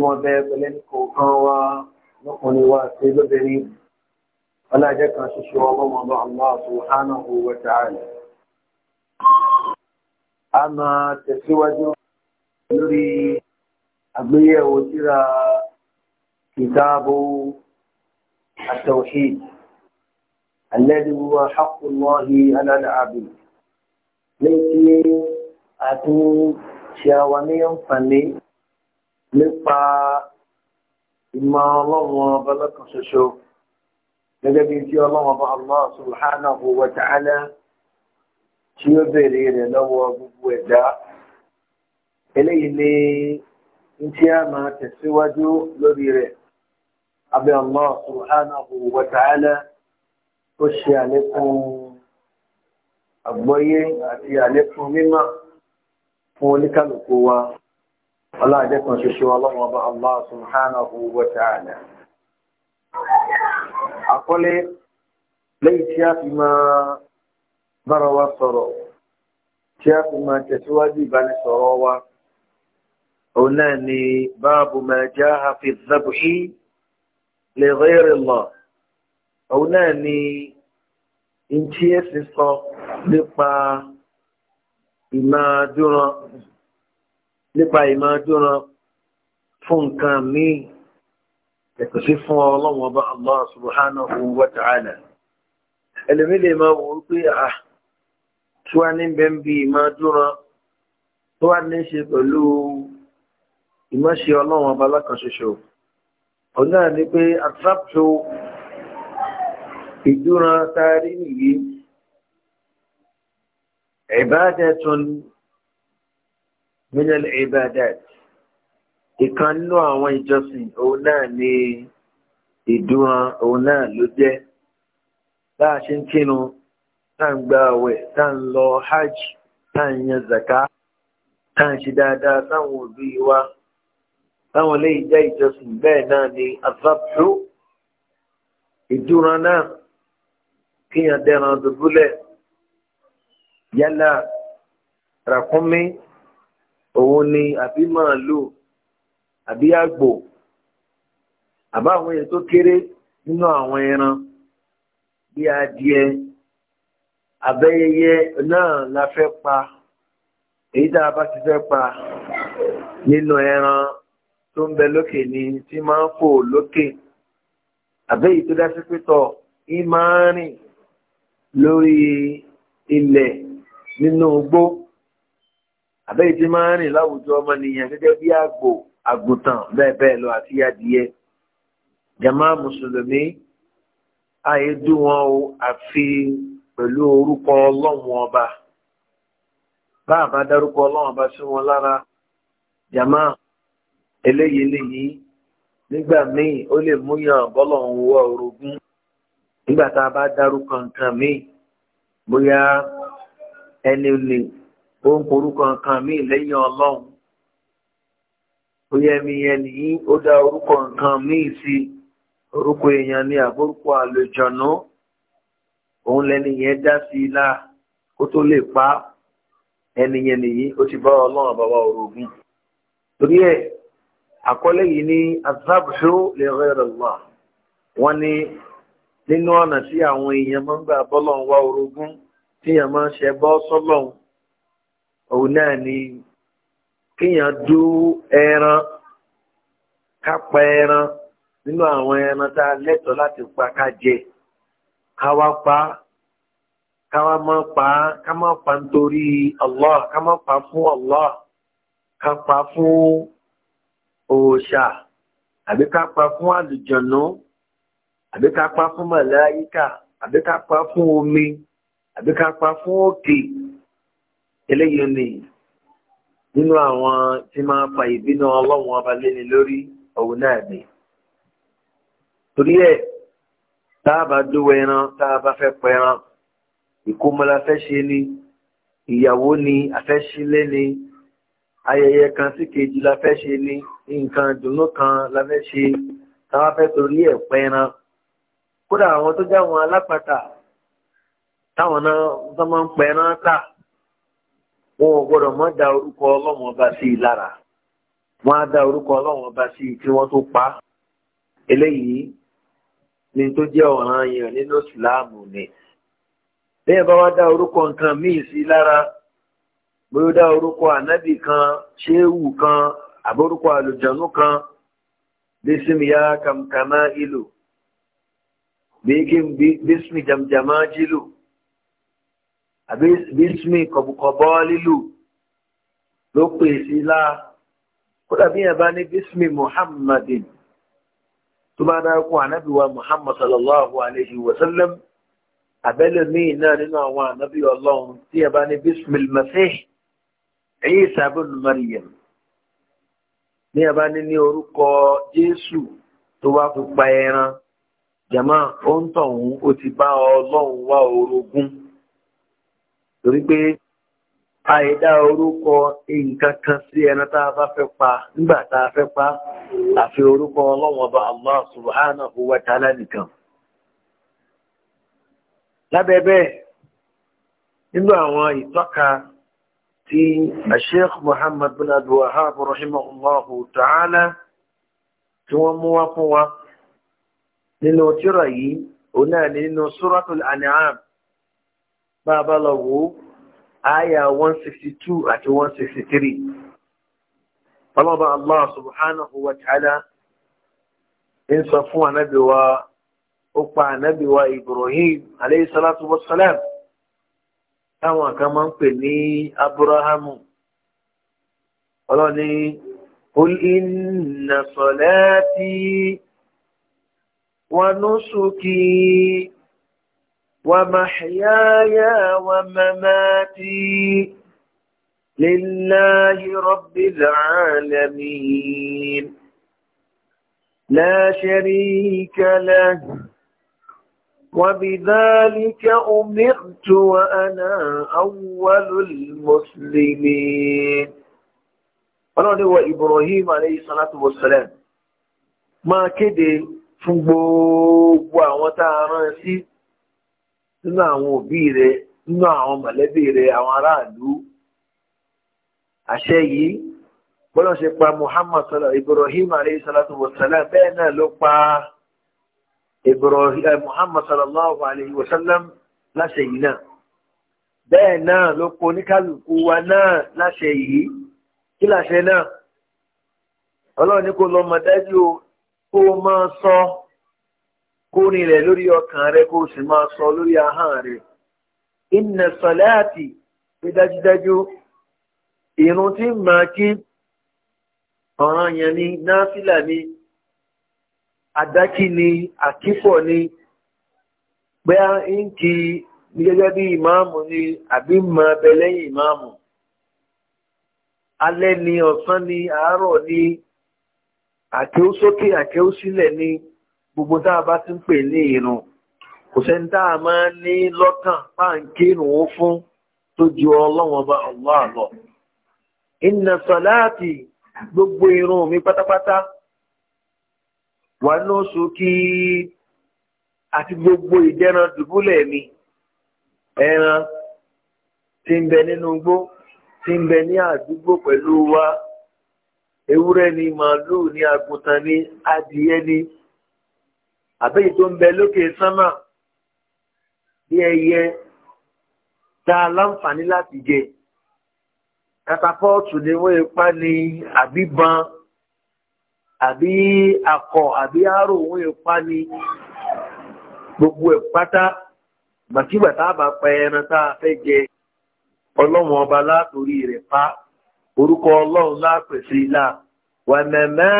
wọ́n bẹ pẹ̀lẹ́ ní kọ̀ọ̀kan wa lọ́kùnrin wa ṣe lóbìnrin ọlájẹ́ kan ṣoṣo ọlọ́wọ́n bá Allah subhanahu wa ta'ala. a máa tẹ̀síwájú lórí àgbéyẹ̀wò síra kìtàbù at-tawhid alladhi nípa ìmọ̀ ọlọ́run ọba lọ́kàn ṣoṣo gẹ́gẹ́ bí tí ọlọ́run ọba Allah subhanahu wa ta'ala tí ó bèèrè rẹ̀ lọ́wọ́ gbogbo ẹ̀dá eléyìí ni ń tí a máa tẹ̀síwájú lórí rẹ̀ abẹ́ Allah subhanahu wa ta'ala ó ṣe àlékún àgbọ́yé àti àlékún mímọ̀ fún oníkàlùkù wa. ọlọ́àjẹ́kan ṣoṣo ọlọ́run ọba Allah subhanahu wa ta'ala àkọlé lẹ́yìn tí a fi máa bára wa sọ̀rọ̀ tí a fi máa tẹ̀síwájú ìbánisọ̀rọ̀ wa òun náà ni báàbù ma ja'a fi dhabhi li ghayri Allah òun náà ni ìjì ẹ̀sìn sọ nípa ìmáa dúró nípa ìmọ̀ dúran fún nǹkan míì ẹ̀kọ́ sí fún ọlọ́run ọba Allah subhanahu wa ta'ala ẹlòmí lè máa wò ó pé à tí wàá ní bẹ́ẹ̀ bí ìmọ̀ dúran tó wà ní ṣe pẹ̀lú ìmọ̀ṣe ọlọ́run ọba lọ́kàn ṣoṣo náà ni pé àtúrápù ìdúran tá a rí nìyí ìbáàdẹ́tun من العبادات، ìkan nínú àwọn ìjọsìn òun náà ni ìdúran òun náà ló jẹ́ bá a ṣe ń kínu tá ń gba àwẹ̀ tá ń lọ hajj tá ń yan zaka tá ń ṣe dáadáa sáwọn òbí wa táwọn lè jẹ́ ìjọsìn bẹ́ẹ̀ náà ni azabtu ìdúran náà kíyàn dẹran dùbúlẹ̀ yálà ràkúnmí òun ni àbí màálù àbí àgbò àbá àwọn èèyàn tó kéré nínú àwọn ẹran bí adìẹ abẹ́yẹyẹ náà la fẹ́ pa èyí tá a bá ti fẹ́ pa nínú ẹran tó ń bẹ lókè ni tí máa ń fò lókè àbẹ́yí tó dá sí pétọ̀ í máa ń rìn lórí ilẹ̀ nínú igbó. No àbẹ́yìí ti máa ń rìn láwùjọ ọmọnìyàn gẹ́gẹ́ bí àgbò àgùntàn bẹ́ẹ̀ bẹ́ẹ̀ lọ àti adìyẹ jama mùsùlùmí àìdú wọn o àfi pẹ̀lú orúkọ ọlọ́run ọba bá a bá dárúkọ ọlọ́run ọba sí wọn lára jama eléyìí eléyìí nígbà míì ó lè múyàn bọ́lọ̀hún wọ orogún nígbà tá a bá dárúkọ nǹkan míì bóyá ẹni lè ó ń porúkọ nǹkan míì lẹ́yìn ọlọ́run ó yẹ mi yẹn nìyí ó dá orúkọ nǹkan míì sí orúkọ èèyàn ní àbórúkọ àlòjọ̀nú òun lẹni yẹn dá sí ilá kó tó lè pa ẹni yẹn nìyí ó ti bá ọlọ́run bàbá òrògùn torí ẹ̀ àkọlé yìí lè wà nínú ọ̀nà tí àwọn èèyàn máa ń gbà bọ́lọ̀ ń wá orogún tí òun náà ni kéèyàn dó ẹran ká pa ẹran nínú àwọn ẹran tá a lẹ́tọ̀ọ́ láti pa ká jẹ ká wá pa ká wá má pa ká má pa nítorí Allah ká má pa fún ọlọ́ ká pa fún òòṣà àbí ká pa fún àlùjọ̀nù àbí ká pa fún màláyíkà àbí ká pa fún omi àbí ká pa fún òkè. Okay eléyìí ni nínú àwọn tí máa fa ìbínú ọlọ́run ọba léni lórí òun náà ni torí ẹ̀ tá a bá dúwọ ẹran tá a bá fẹ́ pẹran ìkómọlá fẹ́ ṣe ni ìyàwó ni àfẹ́sílé ni ayẹyẹ kan sí kejì la fẹ́ ṣe ni nǹkan dùnú kan la fẹ́ ṣe táwa fẹ́ torí ẹ̀ pẹran kódà àwọn tó jẹ́ àwọn alápàtà táwọn náà tó máa ń pẹran tà wọn ò gbọ́dọ̀ mọ́ da orúkọ ọlọ́run ọba sí i lára wọ́n á da orúkọ ọlọ́run ọba sí i kí wọ́n tó pa á eléyìí ni tó jẹ́ ọ̀ràn yẹn nínú ìsìláàmù ni bẹ́ẹ̀ bá wá dá orúkọ nǹkan míì sí i lára bóyá dá orúkọ ànábì kan ṣéwù kan àbórúkọ àlùjànnú kan bísímìyá kàmkàmá ìlú bíkí bísímì jàmjàmá jìlù àbí bísmì kọ̀bùkọ̀bọ́ lílù ló pè sí láà kódà bí yẹn bá ní bísmì muhammadin tó bá dárúkọ ànábì wa muhammad sallallahu alayhi wa sallam abẹ́lẹ̀ míì náà nínú àwọn ànábì ọlọ́run tí yẹn bá ní bísmì masih Isa bin maryam ní yẹn bá ní ní orúkọ jésù tó wá fi pa ẹran jama ó ń tọ̀hún ó ti bá ọlọ́run wá orogún torí pé àìdá orúkọ nǹkan kan sí ẹni tá a bá fẹ́ pa nígbà tá a fẹ́ pa àfi orúkọ ọlọ́wọ́n bá Allah subhanahu wa ta'ala nìkan. lábẹ́ bẹ́ẹ̀ nínú àwọn ìtọ́ka tí Sheikh Muhammad bin Abdul Wahhab rahimahullahu ta'ala tí wọ́n mú wá fún wa nínú tírà yìí òun náà nínú Suratul An'am bá a bá lọ wò ó àyà one sixty two àti one sixty three ọlọ́ba allah subhanahu wa ta'ala ń sọ fún ànábì wa ó pa ànábì wa ibrahim aleyhi salatu wa salam táwọn kan máa ń pè ní abúráhámù ọlọ́ni قل إن صلاتي ونسكي ومحياي ومماتي لله رب العالمين لا شريك له وبذلك أمرت وأنا أول المسلمين ọlọ́run wọ Ibrahim alayhi salatu wassalam máa kéde fún gbogbo àwọn tààrán sí nínú àwọn òbí rẹ nínú àwọn mọ̀lẹ́bí rẹ àwọn aráàlú àṣẹ yìí bọ́lá ṣe pa Ibrahim aleyhi salatu wa salam bẹ́ẹ̀ náà ló pa muhammadu eh, Muhammad sallallahu wa láṣẹ yìí náà bẹ́ẹ̀ náà ló pa oníkálukú wa náà láṣẹ yìí kí láṣẹ náà ọlọ́run ní kò kó rinlẹ̀ lórí ọkàn rẹ kó sì máa sọ lórí aha rẹ̀. Ị na pé dájúdájú irun tí ma kí ọ̀ràn yẹn ní náfìlà ní àdákì ní àkífọ̀ ní pé à ń kí ní gẹ́gẹ́ ni àbí mọ abẹ lẹ́yìn ìmáàmù alẹ́ ni ọ̀sán ni ni. gbogbo tá a bá ti ń pè ní irun kò sẹ́ni tá a máa ní lọ́kàn tá à ń fun ó fún tó ju ọlọ́run ọba Allah lọ. inna salati gbogbo irun mi pátápátá wà ní oṣù kí àti gbogbo ìdẹ́ran dùbúlẹ̀ mi ẹran ti ń bẹ nínú igbó tí ń bẹ ní àdúgbò pẹ̀lú wa ewúrẹ́ ni màálù ni àgùntàn ni adìyẹ ni. àbẹ́yì tó ń bẹ lókè sánmà bí ẹyẹ tá a láǹfààní láti jẹ katapọ́ọ̀tù ni wọ́n ipá ni àbí ban àbí akọ àbí arò wọ́n ipá ni gbogbo ẹ̀ pátá gbàtígbà tá a bá pa ẹran tá a fẹ́ jẹ ọlọ́run ọba látòrí rẹ̀ pa orúkọ ọlọ́run lápèsè ilá wàmẹ̀mẹ́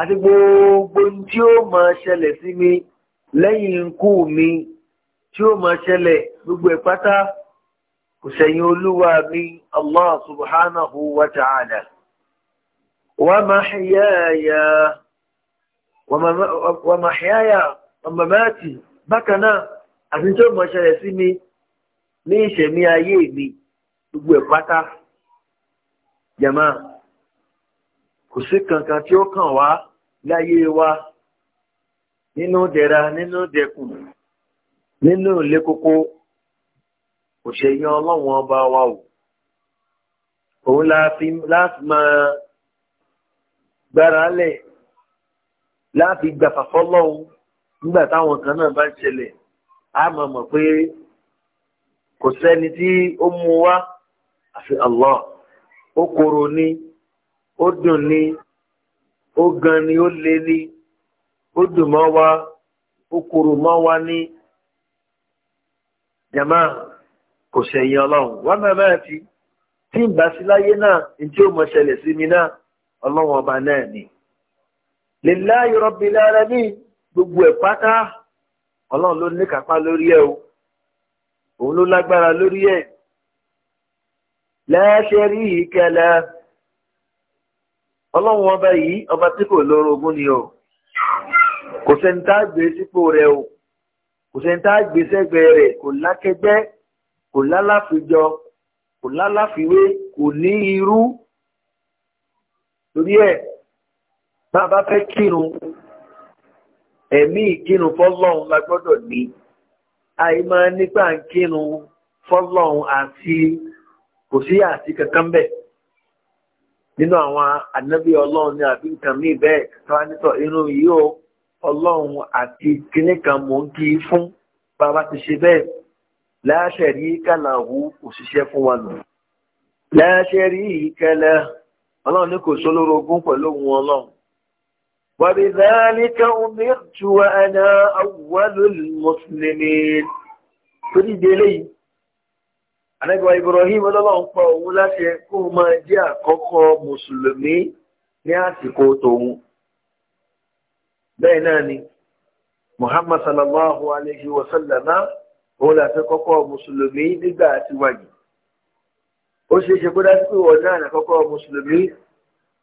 àti gbogbo tí ó máa ṣẹlẹ̀ sí mi lẹ́yìn ikú mi tí ó máa ṣẹlẹ̀ gbogbo ẹ̀ pátá kò sẹ́yìn olúwa mi allah subhanahu wa ta'ala wa mahyaya wa mahyaya wa bákan náà àti tí ó máa ṣẹlẹ̀ sí mi ní ìṣẹ̀mí ayé mi gbogbo ẹ̀ pátá kò sí kankan tí ó kàn wá láyé wa nínú dẹ̀ra nínú dẹkùn nínú ilé kókó kò ṣe yan ọlọ́run ọba wa o òun láti máa gbára lẹ̀ láti gbàfà fọ́lọ́run nígbà táwọn kan náà bá ń ṣẹlẹ̀ a mọ̀ mọ̀ pé kò sẹ́ni tí ó mú wá àfi Allah ó koro ní. ó dùn ní ó gan ni ó le ní ó dùn mọ́ wa ó kúrò mọ́ wa ní jama kò sẹ̀yìn ọlọ́run wá màmá ti, tí ń bá sí láyé náà ǹjẹ́ ó mọ̀ ṣẹlẹ̀ sí mi náà ọlọ́run ọba náà ni lillahi rabbil gbogbo ẹ̀ pátá ọlọ́run ló ní kápá lórí o òun ló lágbára lórí ọlọ́run ọba yìí ọba tí kò lórogún ni o kò sẹ́ni tá a gbé sípò rẹ̀ o kò sẹ́ni tá a gbé sẹ́gbẹ̀ẹ́ rẹ̀ kò lákẹgbẹ́ kò lálàfijọ kò lálàfiwé kò ní irú torí ẹ̀ bá a bá fẹ́ kírun ẹ̀mí ìkírun fọ́lọ́run la gbọ́dọ̀ ní àì máa nípa ń kírun fọ́lọ́run àti kò sí àti kankan bẹ́ẹ̀ nínú àwọn ànábì ọlọ́run ní àbí nǹkan míì bẹ́ẹ̀ tọ́wá nítọ̀ inú yìí ó ọlọ́run àti kinní kan mò ń kí fún bàbá ti ṣe bẹ́ẹ̀ láṣẹ rí kàlàwù òṣìṣẹ́ fún wa nù láṣẹ rí ìkẹlẹ ọlọ́run ní kò sólórogún pẹ̀lú òun ọlọ́run. وبذلك أمرت وأنا أول المسلمين. فدي دي ليه ànábìwá Ibrahim ọlọ́run pa òun láti kó o máa jẹ́ àkọ́kọ́ mùsùlùmí ní àsìkò tòun bẹ́ẹ̀ náà ni Muhammad sallallahu alayhi wa sallama òun láti kọ́kọ́ mùsùlùmí nígbà àtiwájú ó ṣe é ṣe kó dájú pé wọn náà àkọ́kọ́ mùsùlùmí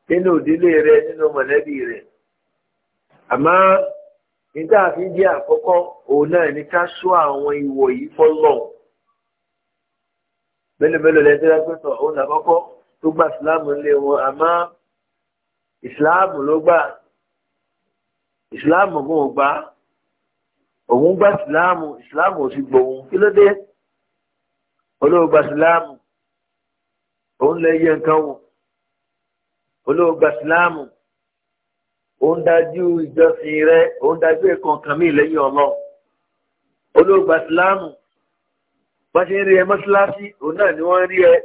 nínú ìdílé rẹ nínú mọ̀lẹ́bí rẹ àmọ́ nígbà àfi jẹ́ àkọ́kọ́ òun náà ní ká sọ àwọn ìwọ̀ yìí fọ́lọ́hùn mélòó mélòó lẹ́yìn tó yẹ pé sọ òun làkọ́kọ́ tó gba ìsìláàmù ńlé wọn àmọ́ ìsìláàmù ló gbà ìsìláàmù kò gbà òun gba ìsìláàmù ìsìláàmù ò sì gbòun kí ló dé olóò gba ìsìláàmù òun lè yẹ nǹkan wò olóò gba ìsìláàmù òun dájú ìjọsìn rẹ òun dájú ẹ̀kọ́ kan lẹ́yìn ọlọ́run olóò gba ìsìláàmù bá ṣe ń rí ẹ mọ́ṣáláṣí òun náà ni wọ́n rí ẹ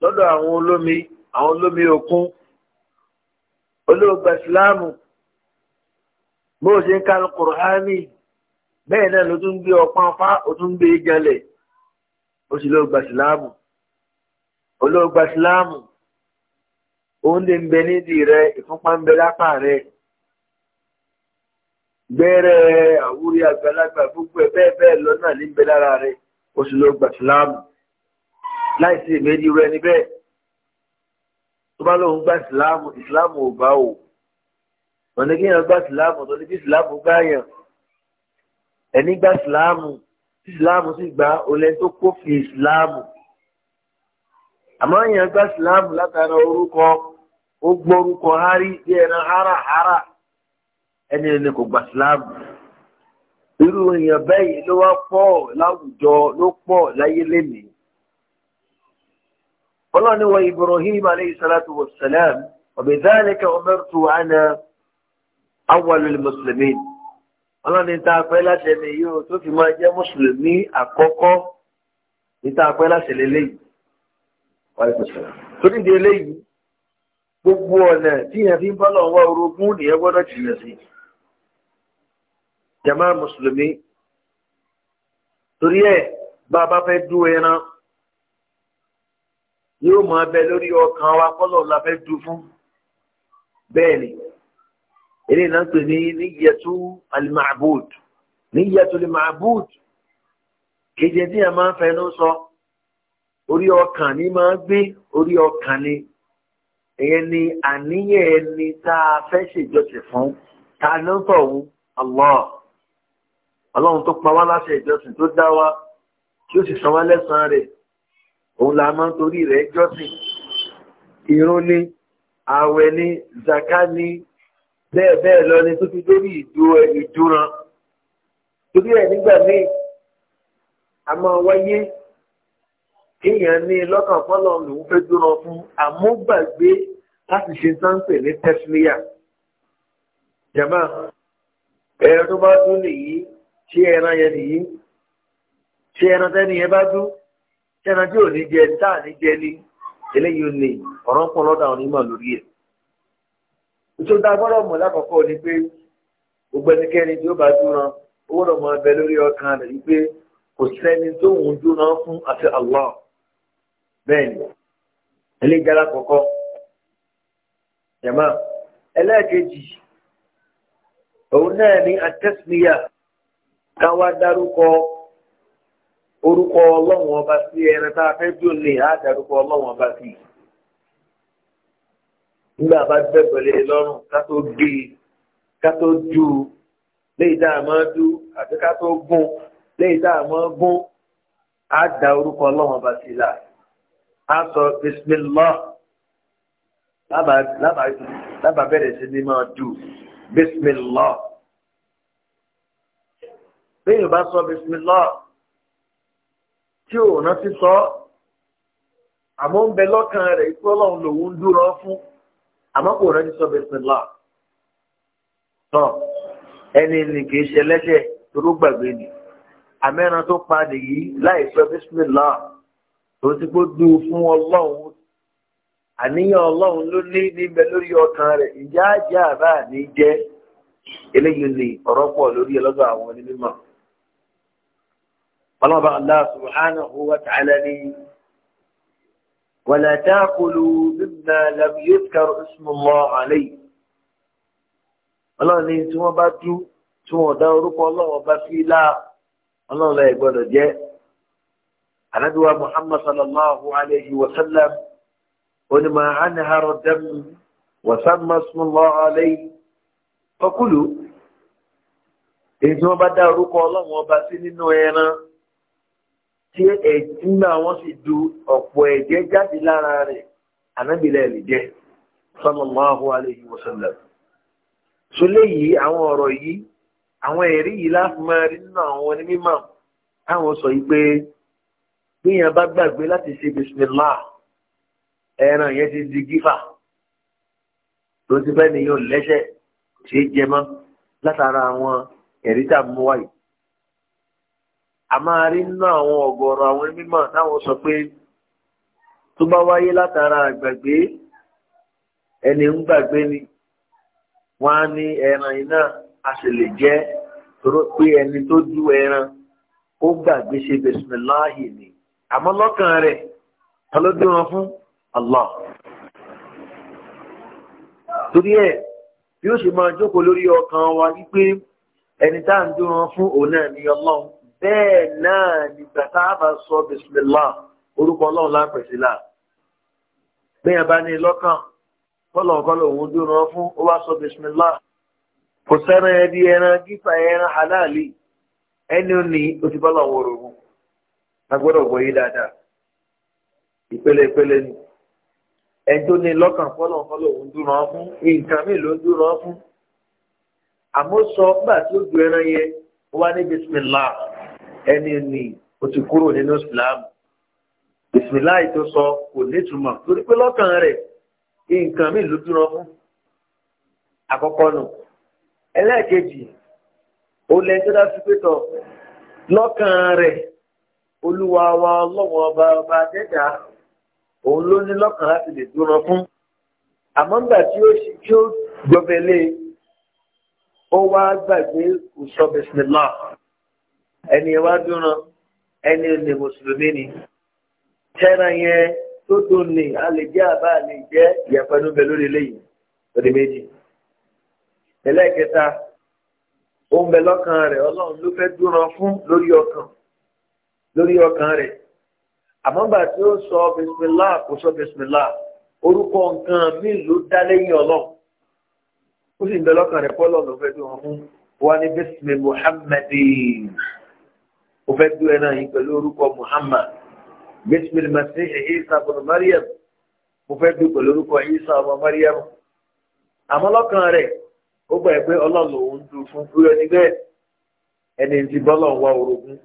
lọ́dọ̀ àwọn olómi àwọn olómi òkun olóògbà ìsìláàmù bó o ṣe ń ka kùrọ̀hánì bẹ́ẹ̀ náà ló tún gbé ọpọ́n fá o tún gbé jalè o sì lóògbà ìsìláàmù olóògbà ìsìláàmù òun lè ń bẹ nídìí rẹ ìfúnpá ń bẹ lápá rẹ gbẹ́rẹ́ àwúrí àgbàlagbà gbogbo ẹ̀ bẹ́ẹ̀ bẹ́ẹ̀ lọ náà ní bẹ́ẹ̀ lára rẹ̀ ó sì lọ gbà síláàmù láìsí ìmẹ́ni rẹ̀ níbẹ̀ tó bá lóun gbà síláàmù ìsìláàmù ò bá o wọn ní kí èèyàn gbà síláàmù tó ní kí síláàmù gbà yàn ẹni gbà síláàmù tí síláàmù sì gbà olè tó kófin síláàmù àmọ́ èèyàn gbà síláàmù látara orúkọ ó gbọ́ orúkọ hárí bí ẹran hára hára ẹni ẹni kò gbà síláàmù irú èèyàn bẹ́ẹ̀ ló wá pọ̀ láwùjọ ló pọ̀ láyé lénìí ọlọ́run ni wọ́n ibrahim aleyhi salatu wa salam ọ̀bẹ̀ dáríkà umirtu ana awwalul muslimin ọlọ́run ta pẹ́ láṣẹ mi yóò tó fi máa jẹ́ mùsùlùmí àkọ́kọ́ ní ta pẹ́ láṣẹ lélẹ́yìí torí di eléyìí gbogbo ọ̀nà tí yẹn fi ń bọ́ lọ́wọ́ orogún nìyẹn gbọ́dọ̀ jìnnà sí jama mùsùlùmí torí ẹ̀ bá a bá fẹ́ dú ẹran yóò máa bẹ lórí ọkàn wa kọ́lọ̀ la fẹ́ dú fún bẹ́ẹ̀ ni eléyìí náà ń pè ní níyẹtú alimaabud níyẹtú alimaabud kejì tí yẹn máa ń fẹnu sọ orí ọkàn ni máa gbé orí ọkàn ni ìyẹn ni àníyàn ẹni tá a fẹ́ ṣèjọsìn fún ta ló ń tọ̀hún Allah ọlọ́run tó pa wá láṣẹ ìjọsìn tó dá wa tí ó sì san wá lẹ́sàn-án rẹ̀ òun la máa ń torí rẹ̀ jọ́sìn ìrun ni ààwẹ̀ ni zaka ni bẹ́ẹ̀ bẹ́ẹ̀ lọ ni tó fi lórí ìdúran torí ẹ̀ nígbà míì a máa wáyé kéèyàn ní lọ́kàn fọ́lọ́ lòun fẹ́ dúró fún àmúgbàgbé láti ṣe sáńpẹ̀ ní tẹ́sílíà jama ẹ̀rọ tó bá dún nìyí ṣé ẹran yẹn nìyí ṣé ẹran tẹ́ni yẹn bá dún ṣé ẹran tí ò ní jẹ tá à ní jẹ ní eléyìí ò ní pọ̀ lọ́dà onímọ̀ lórí ẹ̀ mọ̀ lákọ̀ọ́kọ́ ni pé gbogbo ẹnikẹ́ni tí ó bá bẹ́ẹ̀ni eléyìí kọkọ jama jẹ̀mọ́ òun náà ni atẹ́símíyà káwá dárúkọ orúkọ ọlọ́run ọba sí ẹran tá a fẹ́ dùn lè á dárúkọ ọba sí nígbà bá gbẹ́ pẹ̀lẹ́ e ká tó gbé ká a sọ bisimilá lábàá bẹ̀rẹ̀ sí ní máa dù bisimilá bẹ́ẹ̀ bá sọ bisimilá tí ò rántí sọ àmọ́ ń bẹ lọ́kàn rẹ̀ ikú ọlọ́run lòun ń dúró fún àmọ́ kò rántí sọ bisimilá tán ẹni ní kì í ṣe lẹ́sẹ̀ tó gbàgbé ni àmẹ́ran tó pa nìyí láì sọ bisimilá tòun ti kó dùn fún ọlọ́run àníyàn ọlọ́run ló ní níbẹ̀ lórí ọkàn rẹ̀ ìjà àjẹ́ àbá ní jẹ́ eléyìí ni ọ̀rọ̀ pọ̀ lórí ọlọ́dọ̀ àwọn onímọ̀ ọlọ́ba Allah subhanahu wa ta'ala ni wala ta'kulu mimma lam yuzkar ismullah alayhi ọlọ́run ní tí wọ́n bá dú tí wọ́n dá orúkọ ọlọ́run bá fi lá ọlọ́run lọ́ọ̀ gbọ́dọ̀ jẹ́ anábíwá muhammad sallallahu alayhi wa sallam onímọ̀ anaharo dẹ́mu wasammasumullah alayhi fakulu èyí tí wọ́n bá dá orúkọ ọlọ́run ọba sí nínú ẹran tí ẹ̀jú náà wọ́n sì du ọ̀pọ̀ ẹ̀jẹ̀ jáde lára rẹ̀ anábìlẹ̀ lè jẹ́ sallallahu alayhi wa sallam. Sọlé yìí àwọn ọ̀rọ̀ yìí àwọn ẹ̀rí yìí láti máa rí nínú àwọn onímọ̀ táwọn sọ yìí pé gbìyàn bá gbàgbé láti ṣe bisimilá ẹran yẹn ti di gífà tó ti fẹ́ nìyẹn ò lẹ́sẹ̀ kò ṣeé jẹ mọ́ látara àwọn ẹ̀rí tá a mú wáyé. a máa rí nínú àwọn ọ̀gọ̀ọ̀rọ̀ àwọn mímọ̀ táwọn sọ pé tó bá wáyé látara àgbàgbé ẹni ń gbàgbé ni wọ́n á ní ẹran yìí náà a sì lè jẹ́ pé ẹni tó du ẹran ó gbàgbé ṣe bisimilá yìí ni. àmọ́ lọ́kàn rẹ̀ ta fún Allah torí ẹ bí ó ṣe máa jókòó lórí ọkàn wa wípé ẹni tá à ń dúró wọn fún òun náà ní ọlọ́run bẹ́ẹ̀ náà nígbà tá a bá sọ bisimilá orúkọ ọlọ́run bẹ́ẹ̀ bá ní lọ́kàn kọ́lọ̀kọ́lọ̀ òun dúró wọn fún ó wá sọ bisimilá kò sẹ́ran a gbọ́dọ̀ wọ yí dáadáa ìpele ìpele ni ẹjọ́ ní lọ́kàn fọ́lọ̀ fọ́lọ̀ ń dúró ọ fún nǹkan mi ló ń dúró ọ fún àmọ́ sọ nígbà tí ó du ẹran yẹn ó wá ní bisimilá ẹni ní o ti kúrò nínú ìsìlámù bisimilá yìí tó sọ kò nítumọ̀ torí pé lọ́kàn rẹ̀ nǹkan mi ló dúró fún àkọ́kọ́ nù ẹlẹ́ẹ̀kejì ó lẹ́jọ́ dá sí pé tọ̀ lọ́kàn rẹ̀. olúwa wa ọlọ́wọ́ ọba ọba dẹ́dà òun ló ní lọ́kàn láti lè dúró fún àmọ́ nígbà tí ó ṣe tí ó gbọ́bẹ̀lé ó wá gbàgbé kò sọ bisimilá ẹni ẹ wá dúró ẹni ẹ lè mùsùlùmí ni tẹ́ra yẹn tó tó ní a lè jẹ́ àbá lè jẹ́ ìyàpẹ́nu bẹ lórí eléyìí lórí méjì ẹlẹ́ẹ̀kẹta òun bẹ lọ́kàn rẹ̀ ọlọ́run ló fẹ́ dúró fún lórí ọkàn. lórí ọkàn rẹ̀ àmọ́ gbà tí ó sọ bisimilá kò sọ bisimilá orúkọ nǹkan míì ló dá lẹ́yìn ọlọ́run ó sì ń bẹ lọ́kàn pọ́lọ́ ló fẹ́ wọn fún wa ní bisimil muhammadi ó fẹ́ náà yìí pẹ̀lú orúkọ muhammad bisimil isa bin mariam ó fẹ́ pẹ̀lú orúkọ isa ọmọ mariam àmọ́ lọ́kàn ó gbà pé ọlọ́run dùn fún ẹni tí bọ́lọ̀ ń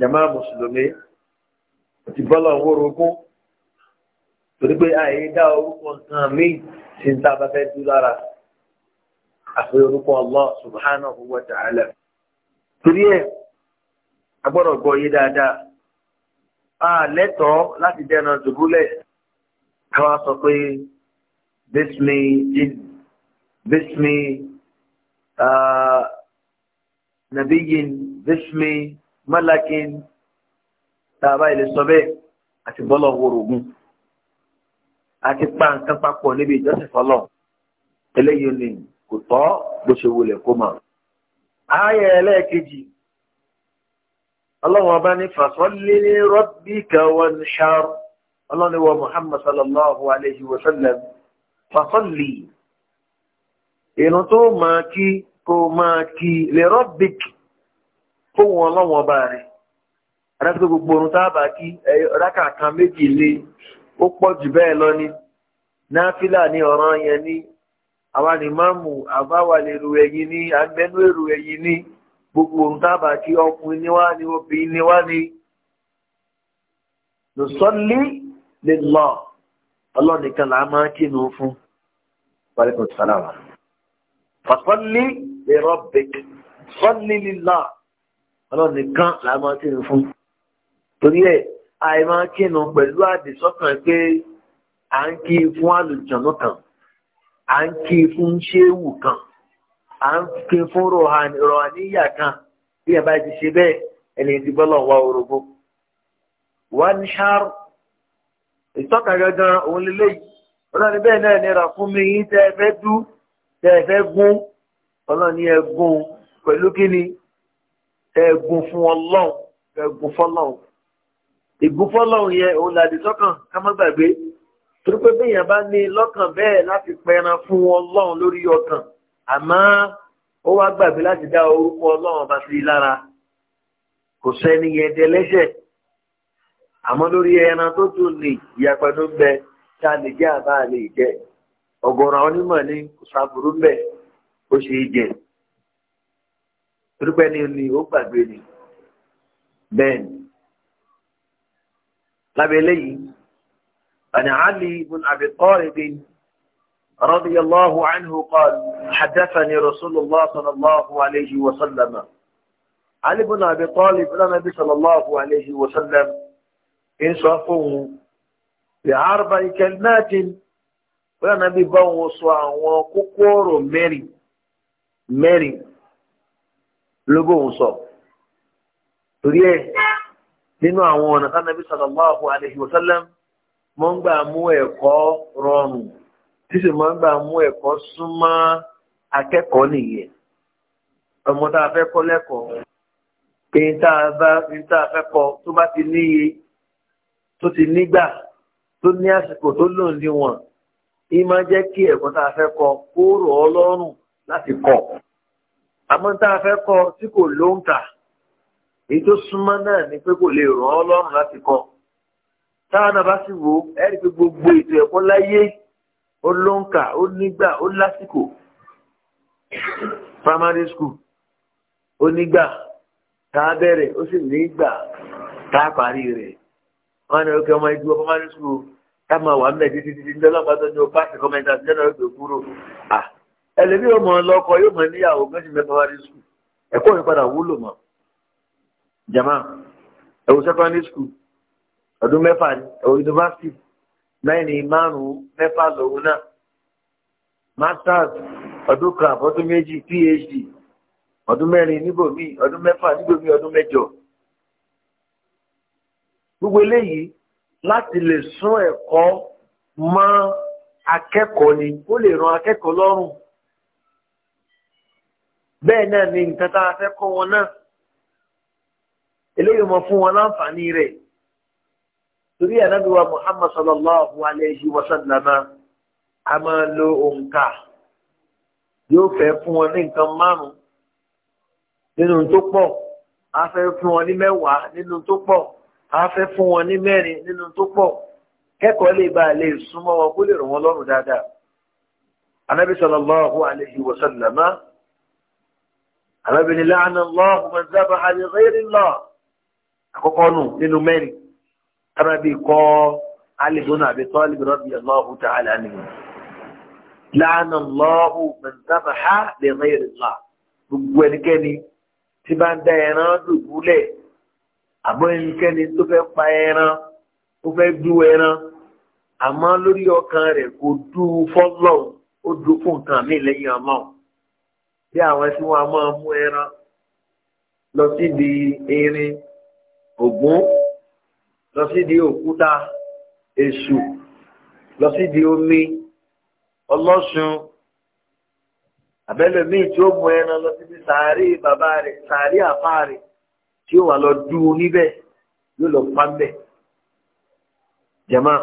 jama mùsùlùmí ti bọ́lọ̀ ń wórogún torí pé àyè dá orúkọ nǹkan míì sí ń tá a bá fẹ́ dú lára àfi orúkọ Allah subhanahu wa ta'ala torí ẹ̀ a gbọ́dọ̀ gbọ́ yé dáadáa a lẹ́tọ̀ọ́ láti dẹ́nà dùbúlẹ̀ káwa sọ pé bísmì bísmì ah, yin. bísmì. malakin tàbá ilé sọ bẹ́ẹ̀ àti bọ́lọ̀ worogun àti pa nǹkan papọ̀ níbi ìjọsìn fọlọ́ eléyìí ni kò tọ́ bó ṣe wulẹ̀ kó mọ̀. ayé ẹlẹ́ẹ̀kejì ọlọ́run ọba ní fàṣọ́lé ní rọ́bìkà wọn ṣáàrù ọlọ́run wọ muhammad sallallahu alayhi wa sallam fàṣọ́lì ìrùn tó máa kí kó máa kí lè rọ́bìkì fóun ọlọ́wọ́n ọba rẹ̀ adájọ́ gbogbo orun tá a bá kí rákà kan méjì lé ó pọ̀ jù bẹ́ẹ̀ lọ ni náfìlà ní ọ̀ràn yẹn ní àwa ní máàmù àbáwálé ru ẹ̀yìn ní agbẹ́nú èrò ẹ̀yìn ní gbogbo orun tá kí ọkùnrin ni wá ní obìnrin ni wá ní. nùsọ́lí lè lọ ọlọ́nìkan là á máa kínú fún. wàlẹ́kùn sálàmà. fàṣọ́lí lè rọ́bìk sọ́lí lè lọ ọlọ́run nìkan làá máa ti ń fún torí ẹ̀ àìmọ́ kínu pẹ̀lú àdìsọ́kàn pé à ń kí fún àlùjọ̀nù kan à ń kí fún ṣéwù kan à ń kí fún rọ̀hàníyà kan bí ẹ̀ bá ti ṣe bẹ́ẹ̀ ẹni tí bọ́lọ̀ wá orogún. wọ́n ń ṣáàrù ìtọ́ka gangan òun lélẹ́yìí ọlọ́ni bẹ́ẹ̀ náà nira fún mi yín tẹ́ ẹ fẹ́ dú tẹ́ ẹ fẹ́ gún ọlọ́ni ẹ gún pẹ̀lú kíni ẹ̀gùn fún ọlọ́run ẹ̀gùn fọlọ́run ẹ̀gùn fọlọ́run yẹn òun làdí sọ́kàn ká má gbàgbé torí pé bẹ́yàn bá ní lọ́kàn bẹ́ẹ̀ láti pẹran fún ọlọ́run lórí ọkàn àmọ́ ó wá gbàgbé láti dá orúkọ ọlọ́run ọba sí i lára kò sẹ́ni yẹn dẹlẹ́ṣẹ̀ àmọ́ lórí ẹran tó tún lè ìyapa tó bẹ tá lè jẹ́ àbá lè jẹ ọ̀gọ̀rọ̀ àwọn onímọ̀ ni kò sábùrú ń ó ṣe é jẹ. torípẹ́ ni ni ó gbàgbé ni bẹ́ẹ̀ ni lábẹ́ eléyìí أن علي بن أبي طالب رضي الله عنه قال حدثني رسول الله صلى الله عليه وسلم علي بن أبي طالب النبي صلى الله عليه وسلم انصفه بأربع كلمات النبي بوصى وكوكور ميري ميري ló bóun sọ torí ẹ nínú àwọn ọ̀nà tánàbí sallallahu alaihi mọ́ ń gbà mú ẹ̀kọ́ rọrùn tí sì mọ́ ń gbà mú ẹ̀kọ́ súnmọ́ akẹ́kọ̀ọ́ nìyẹn ọmọ tá a fẹ́ kọ́ lẹ́kọ̀ọ́ pé n tá a fẹ́ kọ́ tó bá ti níye tó ti nígbà tó àmọ́ tá a fẹ́ kọ tí kò lóǹkà èyí tó súnmọ́ náà ni pé kò lè ràn ọ́ lọ́rùn láti kọ táwọn náà bá sì wò ó ẹ̀rí pé gbogbo ètò ẹ̀kọ́ láyé ó lóǹkà ó nígbà ó lásìkò primary school ó nígbà tá a bẹ̀rẹ̀ ó sì nígbà tá a parí rẹ̀ wọ́n ní ọkẹ́ ọmọ ìdúró primary school ká máa wà ń bẹ̀ títí títí ní ọlọ́pàá tó ní o pàṣẹ kọ́mẹ́ntà sí lẹ́nu ọ̀gbẹ́ kúrò ah ẹlẹ́bí yóò mọ̀ lọ́kọ yóò mọ̀ níyàwó gẹ́sì mẹ́tọ́wárí skul ẹ̀kọ́ yẹn padà wúlò mọ́ jama ẹ̀wù secondary school ọdún mẹ́fà ni ẹ̀wù university mẹ́rin márùn-ún mẹ́fà lòun náà masters ọdún kan ọdún méjì phd ọdún mẹ́rin níbòmí ọdún mẹ́fà níbòmí ọdún mẹ́jọ gbogbo eléyìí láti lè sún ẹ̀kọ́ mọ́ akẹ́kọ̀ọ́ ni ó lè ran akẹ́kọ̀ọ́ lọ́rùn bẹ́ẹ̀ náà ni nǹkan tá a fẹ́ kọ́ wọn náà eléyìí mọ fún wọn láǹfààní rẹ̀ torí ànábì wa muhammad sallallahu alayhi wa sallam a máa lo òǹkà yóò fẹ́ fún wọn ní nǹkan márùn-ún nínú tó pọ̀ a fẹ́ fún wọn ní mẹ́wàá nínú tó pọ̀ a fẹ́ fún wọn ní mẹ́rin nínú tó pọ̀ kẹ́kọ̀ọ́ lè bá lè súnmọ́ wọn kó lè ràn wọ́n lọ́rùn dáadáa ànábì sallallahu alayhi wa sallam arábìnrin láàánú lọ́ọ̀kù mọ̀ sábà àdìrẹ́rì lọ. àkọ́kọ́ nù nínú mẹ́rin arábì kọ́ alìbọ́nà àbí tọ́lìbì rọ́bì ọlọ́ọ̀kù tá a lánà yìí. láàánú lọ́ọ̀kù mọ̀ sábà àdìrẹ́rì lọ. gbogbo ẹnikẹ́ni tí bá ń da ẹran dùbúlẹ̀ àbọ̀ ẹnikẹ́ni tó fẹ́ pa ẹran tó fẹ́ gbú ẹran àmọ́ lórí ọkàn rẹ̀ kò dú fọ́lọ́ bí àwọn tí wọ́n máa mú ẹran lọ síbi irin ògún lọ síbi òkúta èṣù lọ síbi omi ọlọ́sùn àbẹ́lẹ̀ míì tí ó mú ẹran lọ síbi sàárì bàbá rẹ̀ sàárì àfá rẹ̀ tí ó wà lọ dú níbẹ̀ yóò lọ pa mbẹ̀ jẹ̀mọ́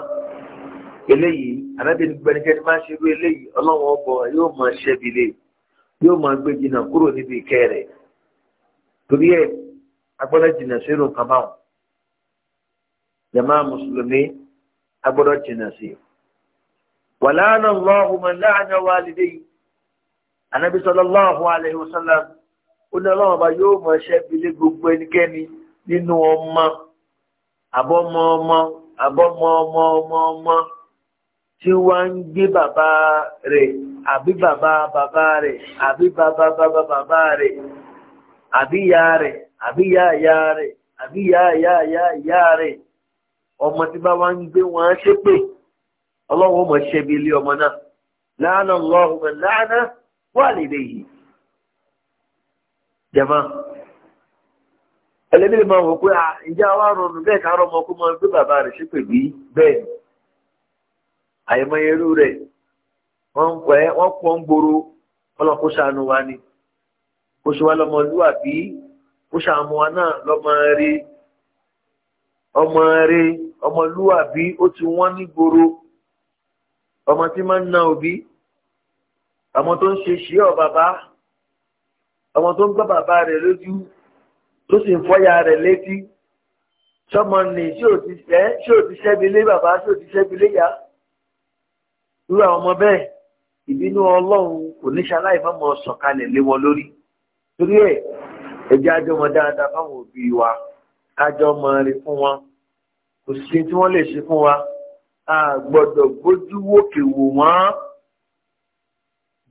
eléyìí arábìnrin gbẹnikẹ́ni máa ń ṣerú eléyìí ọlọ́wọ́n ọgbọ̀n yóò mọ̀ ṣẹ́bi léyìí. E yóò máa gbé jìnnà kúrò níbi ìkẹ́ rẹ̀ torí ẹ̀ agbọ́dọ̀ jìnnà sírò kàmáwò jama mùsùlùmí agbọ́dọ̀ jìnnà sí i. wàláàánà lọ́hùn mọ̀ láàánà wà lédè yìí anabi sallallahu alayhi wa sallam ó ní ọlọ́run ọba yóò mọ ẹṣẹ́ bilé gbogbo ẹnikẹ́ni nínú ọmọ abọ́mọ ọmọ tí wọ́n ń gbé bàbá rẹ̀ àbí bàbá bàbá rẹ̀ àbí bàbá bàbá bàbá rẹ̀ àbí ya rẹ̀ àbí ya ya rẹ̀ àbí ìyá ìyá ìyá rẹ̀ ọmọ tí bá wá ń gbé wọn ṣépè ọlọ́run ilé ọmọ náà lọ́rùn wà lédè yìí. máa wọ̀ pé ìjà wa rọrùn bẹ́ẹ̀ ká kó máa gbé wọ́n ń pẹ́ wọ́n pọ́ ń gbòòrò ọlọ́run kó ṣàánú wa ni kó ṣe wá lọ́mọlúwàbí kó ṣàánú wa náà lọ́mọ rí ọmọ rí ọmọlúwàbí ó ti wọ́n ní gbòòrò ọmọ tí máa ń na òbí ọmọ tó ń ṣe ṣíọ bàbá ọmọ tó ń gbọ́ bàbá rẹ̀ lójú tó sì ń fọ́yà rẹ̀ létí sọmọ nì ṣé ò ti ṣẹ́ ṣé ò ti ṣẹ́bi lé bàbá ṣé ò ti ṣẹ́bi lé yá irú àwọn ọmọ bẹ́ẹ̀ ìbínú ọlọ́run kò ní ṣaláì má mọ sọ̀kalẹ̀ lé wọn lórí torí ẹ̀ ẹ̀jẹ̀ àjọ mọ dáadáa fáwọn òbí wa kájọ mọ rí fún wọn kò sí tí wọ́n lè ṣe fún wa a gbọ́dọ̀ gbójú wòkè wò wọ́n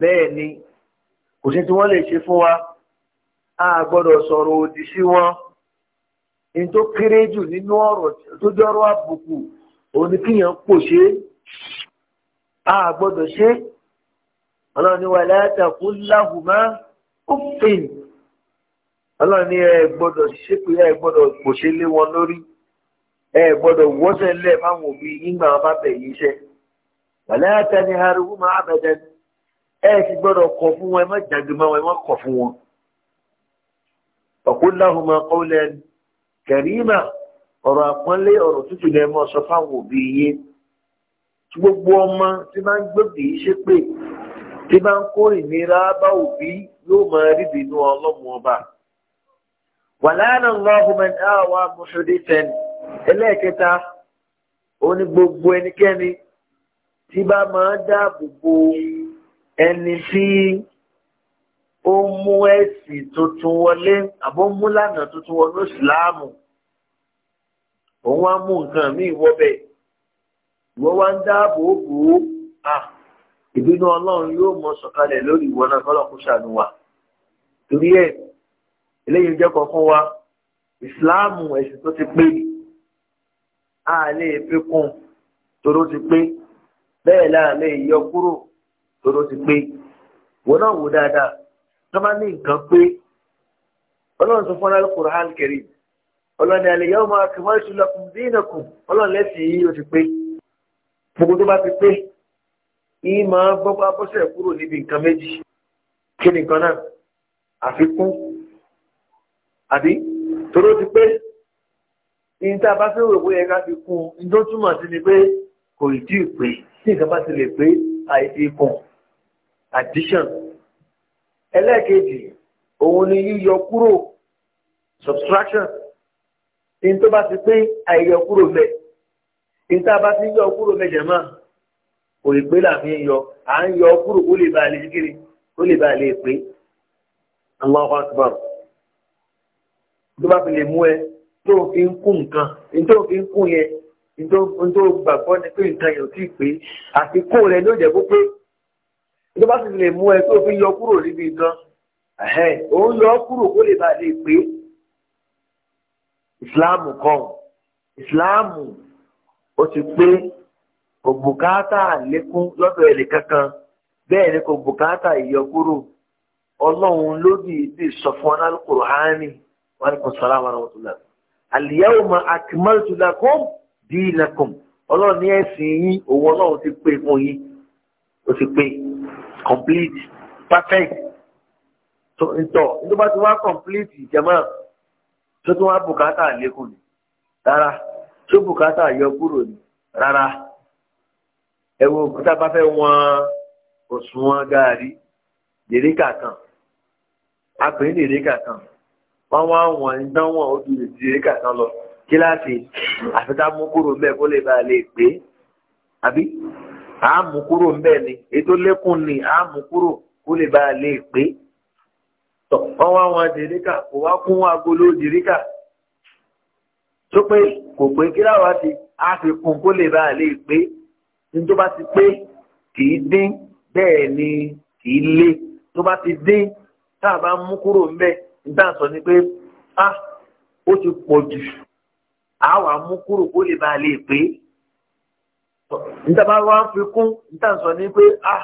bẹ́ẹ̀ ni kò sí tí wọ́n lè ṣe fún wa a gbọ́dọ̀ sọ̀rọ̀ òdì sí wọn ní tó kéré jù nínú ọ̀rọ̀ tó jọrọ àbùkù òun ni kíyàn pò ṣe a gbọ́dọ̀ ṣe é ọlọ́run ní wà látàkù láhùmá òfin ọlọ́run ní ẹ gbọ́dọ̀ ṣépè ẹ gbọ́dọ̀ pòṣé lé wọn lórí ẹ gbọ́dọ̀ wọ́sẹ̀ lẹ̀ máwọn òbí nígbà wọn bá bẹ̀ yín iṣẹ́ wà látàní haruhuma abẹ́dẹ́ ẹ ti gbọ́dọ̀ kọ̀ fún wọn ẹ má jáde mọ́ wọn ẹ má kọ̀ fún wọn. ọ̀kú láhùmá kọ́lẹ̀ kẹrìmà ọ̀rọ̀ àpọ́nlé ọ̀rọ̀ tútù ni ẹ mọ́ sọ fáwọn òbí yín gbogbo ọmọ tí máa ń gbòdì tí bá ń kó ìnira bá òbí yóò máa rí bínú ọlọ́mọ ọba. wàláàna lọ́hùn mẹ́ta àwa mùsùlùmí tẹ́ni ẹlẹ́ẹ̀kẹta oní gbogbo ẹnikẹ́ni tí bá máa dáàbò bo ẹni tí ó mú ẹ̀sìn tuntun wọlé àbó mú lànà tuntun wọnú ìsìláàmù òun á mú nǹkan míì wọbẹ̀ ìwọ wá ń dáàbò bò ó ìbínú ọlọ́run yóò mọ sọ̀kalẹ̀ lórí ìwọ náà kọ́lọ́kù ṣàánú wa torí ẹ̀ eléyìí jẹ́ kọ̀ọ̀kan wa ìsìláàmù ẹ̀sìn tó ti pé a lè fi kún toró ti pé bẹ́ẹ̀ láàlẹ́ ìyọ kúrò toró ti pé wọn náà wò dáadáa tó bá ní nǹkan pé ọlọ́run tó fọ́nrán Al-Qur'an Al-Karim ọlọ́ni al-yawma akmaltu lakum ọlọ́run lẹ́sìn yìí ó ti pé gbogbo tó bá ti pé yìí máa bọ́pá bọ́sẹ̀ kúrò níbi nǹkan méjì kí nìkan náà àfikún àbí toró ti pé ní tá a bá fẹ́ òwe ẹ̀ka fi kún un tó túmọ̀ sí ni pé kò ì tí ì pé tí nǹkan bá ti lè pé àìfi addition ẹlẹ́ẹ̀kejì òun ni yíyọ kúrò subtraction ní tó bá ti pé àìyọ kúrò mẹ́ ní tá a bá ti yọ kúrò mẹ́jẹ̀ máa kò lè pé là fi ń yọ à ń yọ kúrò kó lè bá a lè síkiri kó lè bá a lè pé Allahu Akbar tó bá fi lè mú ẹ tó fi ń kún nǹkan tó fi ń kún yẹn tó gbàgbọ́ ni pé nǹkan yẹn ò tí ì pé àfikó rẹ ló jẹ́ kó pé tó bá sì lè mú ẹ tó fi yọ kúrò níbi nǹkan òun yọ kúrò kó lè bá a pé ìsìláàmù kan ìsìláàmù ó ti pé kò bùkátà lékún lọ́dọ̀ ẹ̀lẹ́ kankan bẹ́ẹ̀ ni kò bùkátà ìyọkúrò ọlọ́run ló bí ti sọ fún ọ́nà alukur'ani wa alaykum salaam wa rahmatullah al-yawma akmaltu lakum dinakum ọlọ́run ní ẹ̀sìn yín òun ọlọ́run ti pé fún yín ó ti pé complete perfect tó ń tọ̀ nítorí bá ti wá complete ìjẹ́mọ́ tó tún wá bùkátà lékún ni rárá tó bùkátà yọkúrò ni rárá ẹ wo tá a bá fẹ́ wọn òṣùwọ̀n gaari dèríkà kan àpè ní dèríkà kan wọ́n wá wọ̀n ìdánwọ̀n ojú dèríkà kan lọ kíláàsì àfi ká mú kúrò mbẹ kó lè ba lè pé àbí a mú kúrò mbẹ ni ètò lẹ́kùn ni a mú kúrò kó lè ba lè pé tọ̀ wọ́n wá wọn dèríkà kò wá kún agolo dèríkà tó pé kò pé kíláàsì a kó lè ba lè pé ní tó bá ti pé kì í dín bẹ́ẹ̀ ni kì í lé tó bá ti dín tá a bá mú kúrò ń bẹ̀ nígbà sọ ni pé a ó ti pọ̀ jù a wà mú kúrò kó lè bàa lè pé níta bá wá fi kún níta sọ ni pé a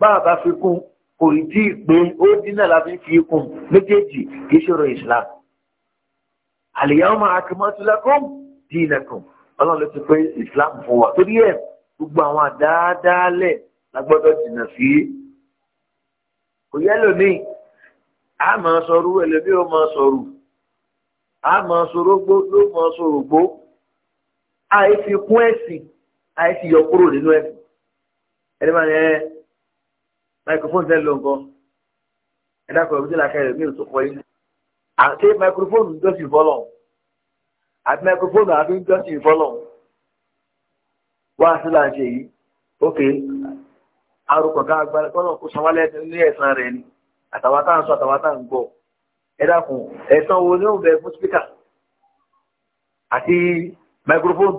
bá a bá fi kún kò ì tí ì pé ó dínà láti fi kún méjèèjì kì í ṣòro Islam àlèyàn máa kí mọ́tò lẹ́kọ̀ọ́ dín lẹ́kọ̀ọ́ ọlọ́run ló ti pé Islam fún wa torí ẹ̀ gbogbo àwọn àdáadáalẹ̀ la gbọ́dọ̀ jìnnà sí. kò yẹ lónìí a máa sọrú ẹlòmíì ó máa sọrù a máa sọrógbó ló máa sọrògbó àìfi kún ẹ̀sìn àìfi yọ kúrò nínú ẹ̀sìn ẹni máa ní microphone tẹ́ ló ń kọ́ ẹ dákọ̀ ẹ̀mí tí làákà ẹlòmíì tó kọ́ yín àti microphone ń jọ́sìn fọ́lọ̀ àti microphone àfi ń jọ́sìn fọ́lọ̀ wá sí là ń ṣe yìí ókè arúgbọ̀n ká agbára kọ́nà kó sanwó lẹ́sìn ní ẹ̀sán rẹ̀ ni àtàwọn tá à ń sọ àtàwọn tá à ń gbọ́ ẹ dákun ẹ̀sán wo ni ó bẹ fún spíkà àti microphone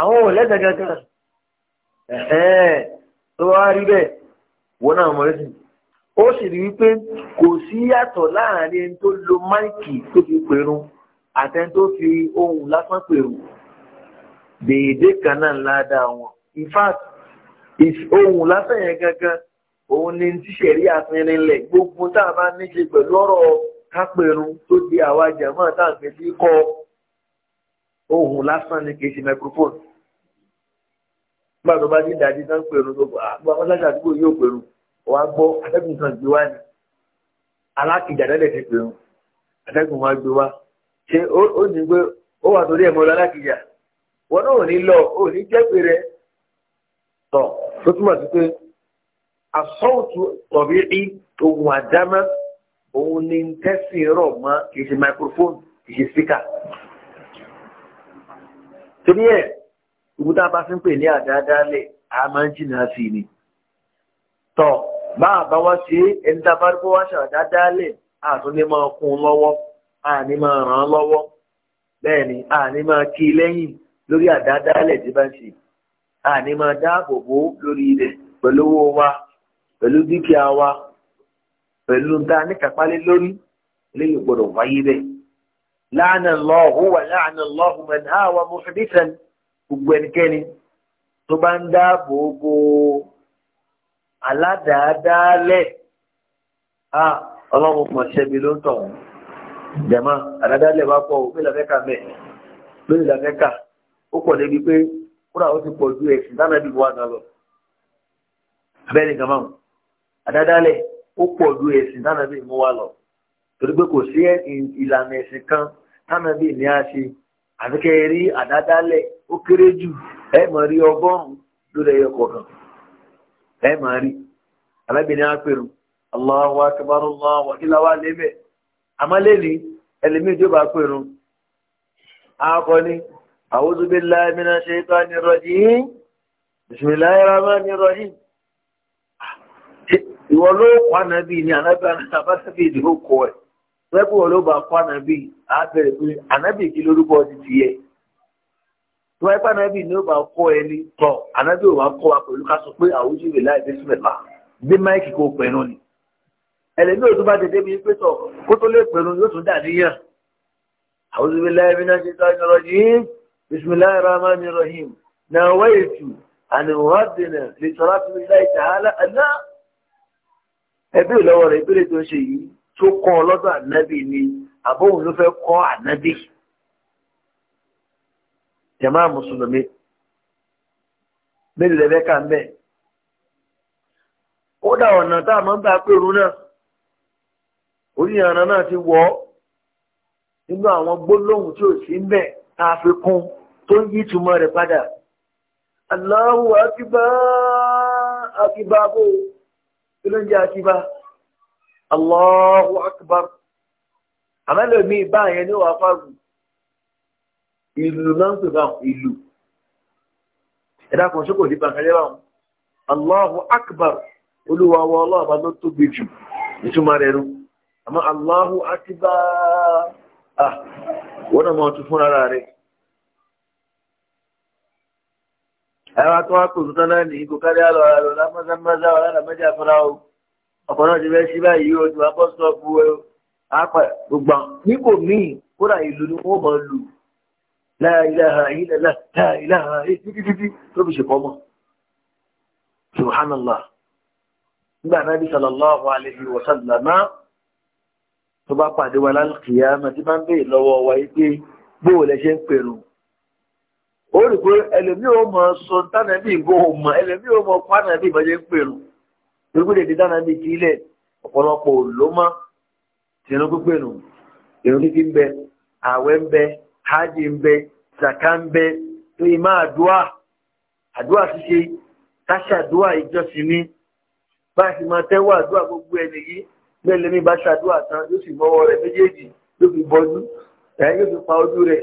àwọn ò lẹ́sẹ̀ kankan ẹ̀hẹ́n tó wá rí bẹ́ẹ̀ wọ́n náà mọ̀ lẹ́sìn ó sì rí wípé kò sí yàtọ̀ láàrin ẹni tó lo máìkì tó fi pèrún àtẹni tó fi ohùn lásán pèrún. dèédé kan náà ládàá wọn in fact ohun lásán yẹn òun ni tíṣẹ̀rí àfinrinlẹ̀ gbogbo tá a bá ní ṣe pẹ̀lú ọ̀rọ̀ kápẹ̀rún tó di àwa jẹ̀mọ́ tá a gbèsè kọ́ ohun lásán ni kì ṣe microphone gbàgbọ́ bá ti dàdí tán tó wọn láti àdúgbò yóò kan gbé wá ni alákìjà ti wa gbé wá ṣé wọn náà ò ní lọ ò ní jẹ́pẹ̀ rẹ̀ tọ̀ tó túmọ̀ sí pé asọ́ọ̀tù tọ̀bí rí ohun àdámá òun ni tẹ́sí rọ̀ mọ́ kì í ṣe microphone kì í ṣe speaker. torí ẹ̀ ìwú tá a bá fi ń pè ní àdáadáalẹ̀ a máa ń jìnnà sí ni. tọ̀ bá a bá wá ṣe ẹni tá a bá rí kó wá ṣàdáadáalẹ̀ àtún ní máa kún un lọ́wọ́ àní máa ràn án lọ́wọ́ bẹ́ẹ̀ ni àní máa kí i lẹ́yìn lórí àdádálẹ̀ tí bá ń ṣe àní máa dáàbò bò lórí rẹ̀ pẹ̀lú owó wa pẹ̀lú dúkìá wa pẹ̀lú ń ta níkàpálẹ̀ lórí eléyìí gbọ́dọ̀ wáyé bẹ́ẹ̀. láàánà lọ́ọ̀hún wà láàánà lọ́ọ̀hún mẹ́ni àwọn mùsùlùmí gbogbo ẹnikẹ́ni tó bá ń dáàbò bò aládàádálẹ̀ ọlọ́run mọ̀ ṣẹ́bi ló ń tọ̀ wọ́n jẹ̀mọ́ aládàádálẹ̀ wá pọ̀ òfin làfẹ́kà mẹ́ lórí làfẹ́kà. ó pọ̀ débi pé kúrò àwọn ti pọ̀ ju ẹ̀sìn dáná bí wà náà lọ abẹ́rẹ́ gàmá o àdádálẹ̀ ó pọ̀ ju ẹ̀sìn dáná bí wa lọ torí pé kò sí ìlànà ẹ̀sìn kan dáná bí ní a ṣe àfikẹ́ rí àdádálẹ̀ ó kéré jù ẹ máa rí ọgọ́rùn-ún lórí ẹyọ kọ̀ọ̀kan rí alábìnrin wa àmọ́ ẹlẹ́mìí bá akọni أعوذ بالله من الشيطان الرجيم بسم الله الرحمن الرحيم ìwọ ló kọ́ ànábì ni ànábì ànábì ìdìbò kọ́ ẹ̀ lẹ́kùn ìwọ ló bá kọ́ ànábì á bẹ̀rẹ̀ pé ànábì kí lórúkọ ti ti yẹ tí wọ́n pa ànábì ni ó ẹ ní tọ́ ànábì ò wá wa pẹ̀lú ká pé àwùjọ ìwé láì bẹ́sí mẹ́ta gbé máìkì kó pẹ̀rún ni ẹlẹ́mí ò bá dédé bí pé tọ̀ kó tó lè pẹ̀rún yóò tún dà níyàn àwùjọ ìwé láì bí náà ṣe tọ́ بسم الله الرحمن الرحيم نويت أن أهدنا لصلاة الله تعالى أن ẹbí ìlọ́wọ́ rẹ̀ ìbéèrè tó ń ṣe yìí tó kọ́ ọ lọ́dọ̀ ànábì ni àbóhùn ló fẹ́ kọ́ ànábì jàmáà mùsùlùmí mélòó lẹ́fẹ́ kà ń bẹ̀. ó dà ọ̀nà tá a máa ń bá pèrú náà oníyàrá náà ti wọ̀ ọ́ nínú àwọn gbólóhùn tí ò sí ń bẹ̀ tá a fi kún un. tó ń yí túmọ̀ rẹ̀ padà Allahu akíbá akíbá bó kí ló ń jẹ́ akíbá Allahu akbar àmẹ́lòmí báyẹn ní wàá fáwọn ìlú náà ń pè bá ìlú ẹ̀dá kan Allahu akbar olúwa wa ọlọ́wọ́ bá ló tóbi jù ìtumọ̀ rẹ̀ rú àmọ́ Allahu akbar ah wọ́n náà máa tún fúnra rẹ̀ ẹwà tó wá kò tuntun náà nìyí kò kárí àlọ́ àlọ́ lámọ́sámọ́sá wà lára mẹ́jà fúnra o ọkọ̀ náà ti fẹ́ sí báyìí o tìwá bọ́ sọ́ọ̀bù o gbogbo nípò míì kódà ìlú ni wọ́n mọ̀ lù láìláha ìlàlá láìláha títítítí tó fi ṣèpọ̀ mọ́ subhanallah nígbà náà bí sallallahu alayhi wa sallam tó bá pàdé wa lálùkìyà máa ti máa ń béè lọ́wọ́ wa yìí pé bóòlù ẹ ṣe ń pèrò ó rí pé ẹlòmí ò mọ sọ tánàbí ìgbó mọ ẹlòmí ò mọ kó ìbàjẹ́ ń pèrò gbogbo èdè tánàbí ti ilẹ̀ ọ̀pọ̀lọpọ̀ ló mọ́ tìrún pípé nù ìrún kíkí ń bẹ ààwẹ̀ ń bẹ hajj ń bẹ zaka ń bẹ tó yìí máa àdúà àdúà ṣíṣe káṣà àdúà ìjọsìn gbogbo ẹni yìí bẹ́ẹ̀ lẹ́mí bá ṣàdúà tán yóò sì mọ́wọ́ méjèèjì yóò fi pa ojú rẹ̀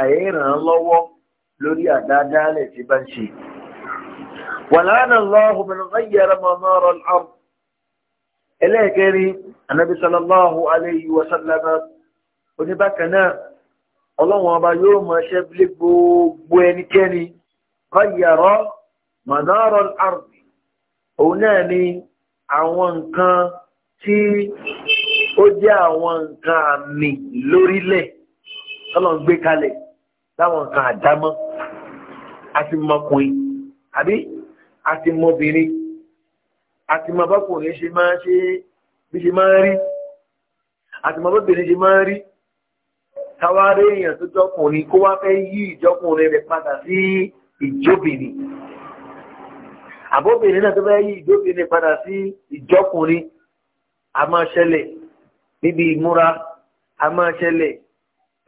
àìràn lọ́wọ́ lórí àdádálẹ̀ tí bá ń ṣe wàlánà lọ́hùn mẹ́rin gáyẹ̀rọ mọ́mọ́ ọ̀rọ̀ ọ̀rọ̀ ẹlẹ́ẹ̀kẹ́rin anábi sallallahu alayhi wa sallam oníbákanáà ọlọ́wọ́n ọba yóò mọ̀ ṣẹ́ bí gbogbo ẹnikẹ́ni gáyẹ̀rọ mọ́mọ́ ọ̀rọ̀ àwọn nǹkan tí ó jẹ́ àwọn nǹkan àmì lórílẹ̀ tọ́lọ̀ ń gbé kalẹ̀ láwọn nǹkan àdámọ́ a ti mọkùnrin àbí a ti mọbìnrin a ti mọ bọ́kùnrin ṣe máa ṣe bí ṣe máa ń rí a ti mọ bọ́bìnrin ṣe máa ń rí káwá rí èèyàn tó jọkùnrin kó wá fẹ́ yí ìjọkùnrin rẹ̀ padà sí ìjóbìnrin àbóbìnrin náà tó fẹ́ yí ìjóbìnrin padà sí ìjọkùnrin a máa ṣẹlẹ̀ níbi ìmúra a máa ṣẹlẹ̀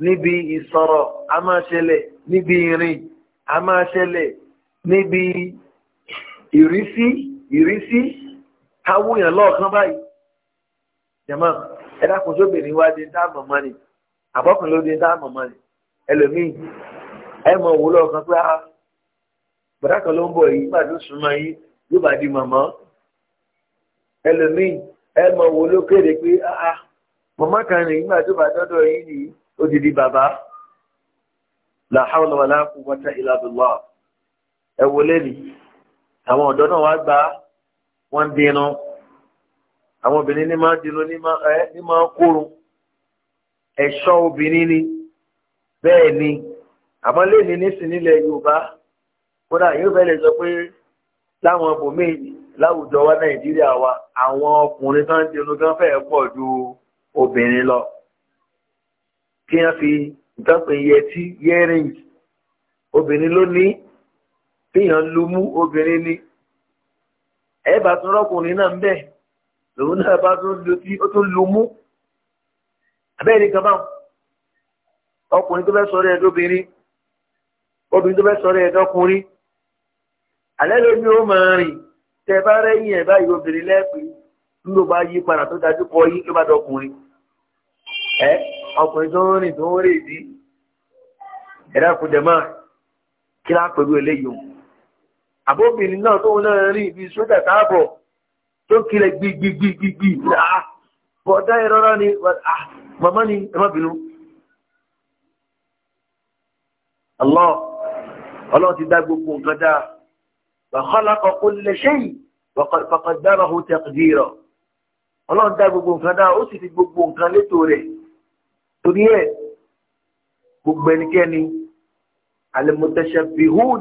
níbi ìsọ̀rọ̀ a máa ṣẹlẹ̀ níbi ìrìn a máa ṣẹlẹ̀ níbi ìrísí ìrísí káwóyàn lọ́ọ̀kan báyìí jẹ̀mọ́ ẹ dákun sóbìnrin wá di dá mọ̀mọ́ ni àbọ̀kùn ló di dá mọ̀mọ́ ni ẹlòmíì ẹ mọ̀ wò lọ́ọ̀kan pé a ah, bàdá kan ló ń bọ̀ yìí gbàdúrà súnmọ́ yìí yóò bá di mọ̀mọ́ ẹlòmíì ẹ mọ̀ wò kéde pé a ah, ah, mọ̀mọ́ kan nìyí gbàdúrà dọ́dọ̀ yìí nìyí ó ti di bàbá la hawla wala quwwata illa billah ẹ wọlé ni àwọn ọ̀dọ́ náà wá gbà wọ́n dínú àwọn obìnrin ní máa dínú ní máa kórun ẹ̀ṣọ́ obìnrin ni bẹ́ẹ̀ ni àmọ́ lè ní nísìn nílẹ̀ Yorùbá kódà yóò fẹ́ lè sọ pé láwọn ibòmíì láwùjọ wa Nàìjíríà wa àwọn ọkùnrin tó ń dínú gan fẹ́ẹ̀ pọ̀ ju obìnrin lọ kí wọ́n fi ìtọ́pẹ̀ yẹtí yẹ́rìn obìnrin ló ní fihàn lumú obìnrin ni ẹ bá tún rọ́kùnrin náà ń bẹ̀ lòun náà bá tún lu tí ó tún lumú abẹ́rẹ́ nìkan báwọn ọkùnrin tó fẹ́ sọ̀rọ̀ ẹ̀ lóbìnrin obìnrin tó fẹ́ sọ̀rọ̀ ẹ̀ lọ́kùnrin alẹ́ lómi ó máa rìn tẹ bá rẹ́yìn ẹ̀ báyìí obìnrin lẹ́ẹ̀pẹ́ ń lò bá yí padà tó dájú kọ yí ló bá dọkùnrin ẹ́ ọkùnrin tó ń rìn tó ń rìn sí ẹ̀dá kò jẹ̀ máa kí láà pẹ̀lú eléyìí o àbóbìnrin náà tóun náà rìn ibi sójà káàbọ̀ tó kílẹ̀ gbigbigbigbi àá bọ̀dá ìrọ́rọ́ ni ah, màmá ni ẹ má bínú. Allah Allah ti dá gbogbo nǹkan dáa wa khalaqa kulla shay faqaddarahu taqdira Allah dá gbogbo nǹkan dáa ó sì fi gbogbo nǹkan létò rẹ̀ torí ẹ̀ gbogbo ẹnikẹ́ni alimutashabihun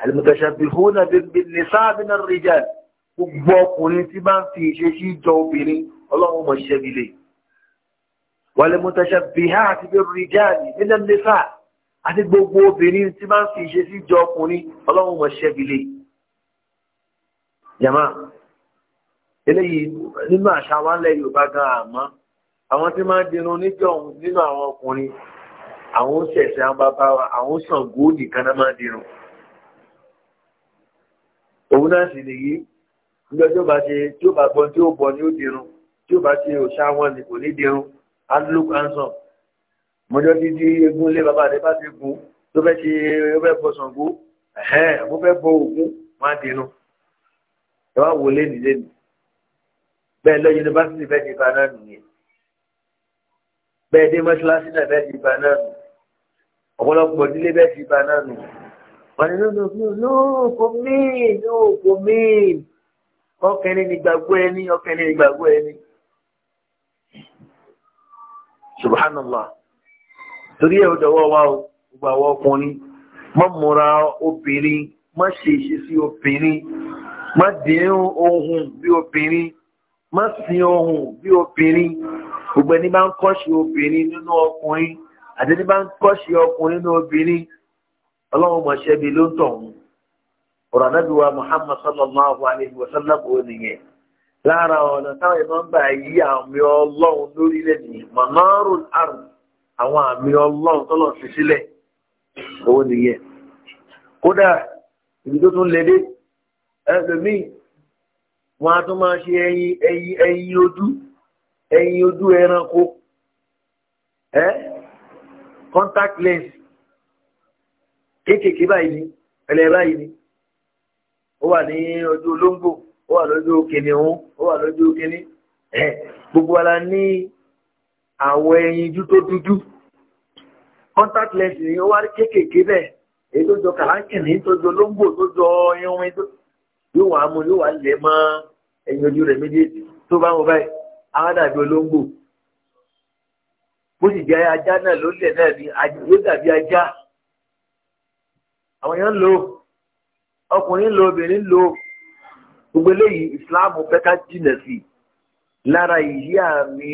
alimutashabihun binisabina rijal gbogbo ọkùnrin tí bá ń fi ìṣesí jọ obìnrin ọlọ́run mọ̀ ṣiṣẹ́ mi lè walimutashabihat birrijal minan nisa àti gbogbo obìnrin tí bá ń fi ìṣesí jọ ọkùnrin ọlọ́run mọ̀ ṣiṣẹ́ mi lè jama eléyìí nínú àṣà wa lẹ yorùbá gan àmọ́ àwọn tí máa ń dirun níjọ nínú àwọn ọkùnrin àwọn ṣẹ̀ṣẹ̀ àwọn bàbá wa àwọn náà máa dirun òun náà sì nìyí nígbà tí ó bá ṣe tí ó bá gbọ́n tí ó bọ̀ ni ó dirun tí ó bá ṣe òṣà wọn ni kò ní dirun á look handsome mọjọ títí egun ilé bàbá rẹ bá ti gun tó fẹ́ ṣe ó fẹ́ bọ Ṣàngó ẹ̀hẹ́n mo fẹ́ bọ Ògún máa dirun ẹ wá wọlé nílé ni bẹ́ẹ̀ lọ yunifásitì fẹ́ ti fa náà nìyẹn bẹ́ẹ̀ dé mọ́ṣáláṣí náà bẹ́ẹ̀ ti bá náà nù ọ̀pọ̀lọpọ̀ ìdílé bẹ́ẹ̀ ti bá náà nù wọ́n ní no no no kò míì no kò míì ní gbàgbọ́ ẹni ọkùnrin ní gbàgbọ́ ẹni subhanallah torí ẹ̀ ọ̀dọ̀wọ́ wa o gbogbo àwọn ọkùnrin mọ́ múra obìnrin mọ́ ṣe ìṣesí obìnrin mọ́ dín ohun bí obìnrin mọ́ sin ohun bí obìnrin gbogbo ẹni bá ń kọ́ṣe obìnrin nínú ọkùnrin àti ẹni bá ń kọ́ṣe ọkùnrin nínú obìnrin ọlọ́run mọ̀ṣẹ́ bíi ló ń tọ̀hún ọ̀rọ̀ anábìwá muhammad sallallahu alayhi wa sallam ò nìyẹn lára ọ̀nà táwọn ìmọ̀ ń gbà yí àmì ọlọ́run lórílẹ̀ nìyí mọ̀nàrù àrùn àwọn àmì ọlọ́run tọ́lọ̀ fi sílẹ̀ òun nìyẹn kódà ibi tó tún lédè ẹlòmíì wọn a tún máa ṣe ẹyin ẹyin ẹyin ojú ẹ̀yìn ojú ẹranko ẹ́ contact lens kéékèèké báyìí ni ẹlẹ́ báyìí ni ó wà ní ojú olóńgbò ó wà lójú kìnìún ó wà lójú kìnní ẹ̀ gbogbo ara ní àwọ̀ ẹ̀yìn ojú tó dúdú contact lens ni ó wá kéékèèké bẹ́ẹ̀ èyí tó jọ kàlákìnní tó jọ olóńgbò tó jọ irun yóò wá mú yóò wá lẹ̀ mọ́ ẹ̀yìn ojú rẹ̀ méjèèjì tó bá wọn báyìí. àwọn dàbí olóńgbò bó sì jẹ́ ajá náà na náà ni yóò dàbí ajá àwọn èèyàn lo ọkùnrin lo obìnrin lo gbogbo eléyìí ìsìláàmù lara jìnà sí lára ìyí àmì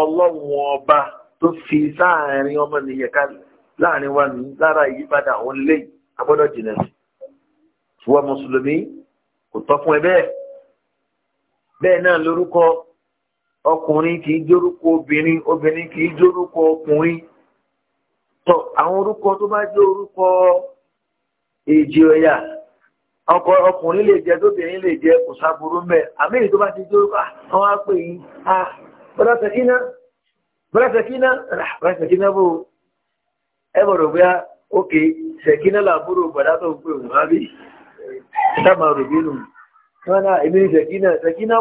ọlọ́run ọba tó fi sáàrin ọmọ nìyẹn kalẹ̀ láàrin wa ní lára ìyípadà bada léyìí agbọ́dọ̀ jìnà sí wọ́n mùsùlùmí kò tọ́ fún ẹ bẹ́ẹ̀ bẹ́ẹ̀ náà lórúkọ ọkùnrin kì í jórúkọ obìnrin obìnrin kì í jórúkọ ọkùnrin tọ àwọn orúkọ tó bá jẹ́ orúkọ èjì ọkọ ọkùnrin lè jẹ tóbìnrin lè jẹ kò sáburú mẹ àmì èyí tó bá ti jórúkọ àwọn apè yìí bò ẹ bí a ah, làbúrò bọ̀dá tó ń pè wọ́n á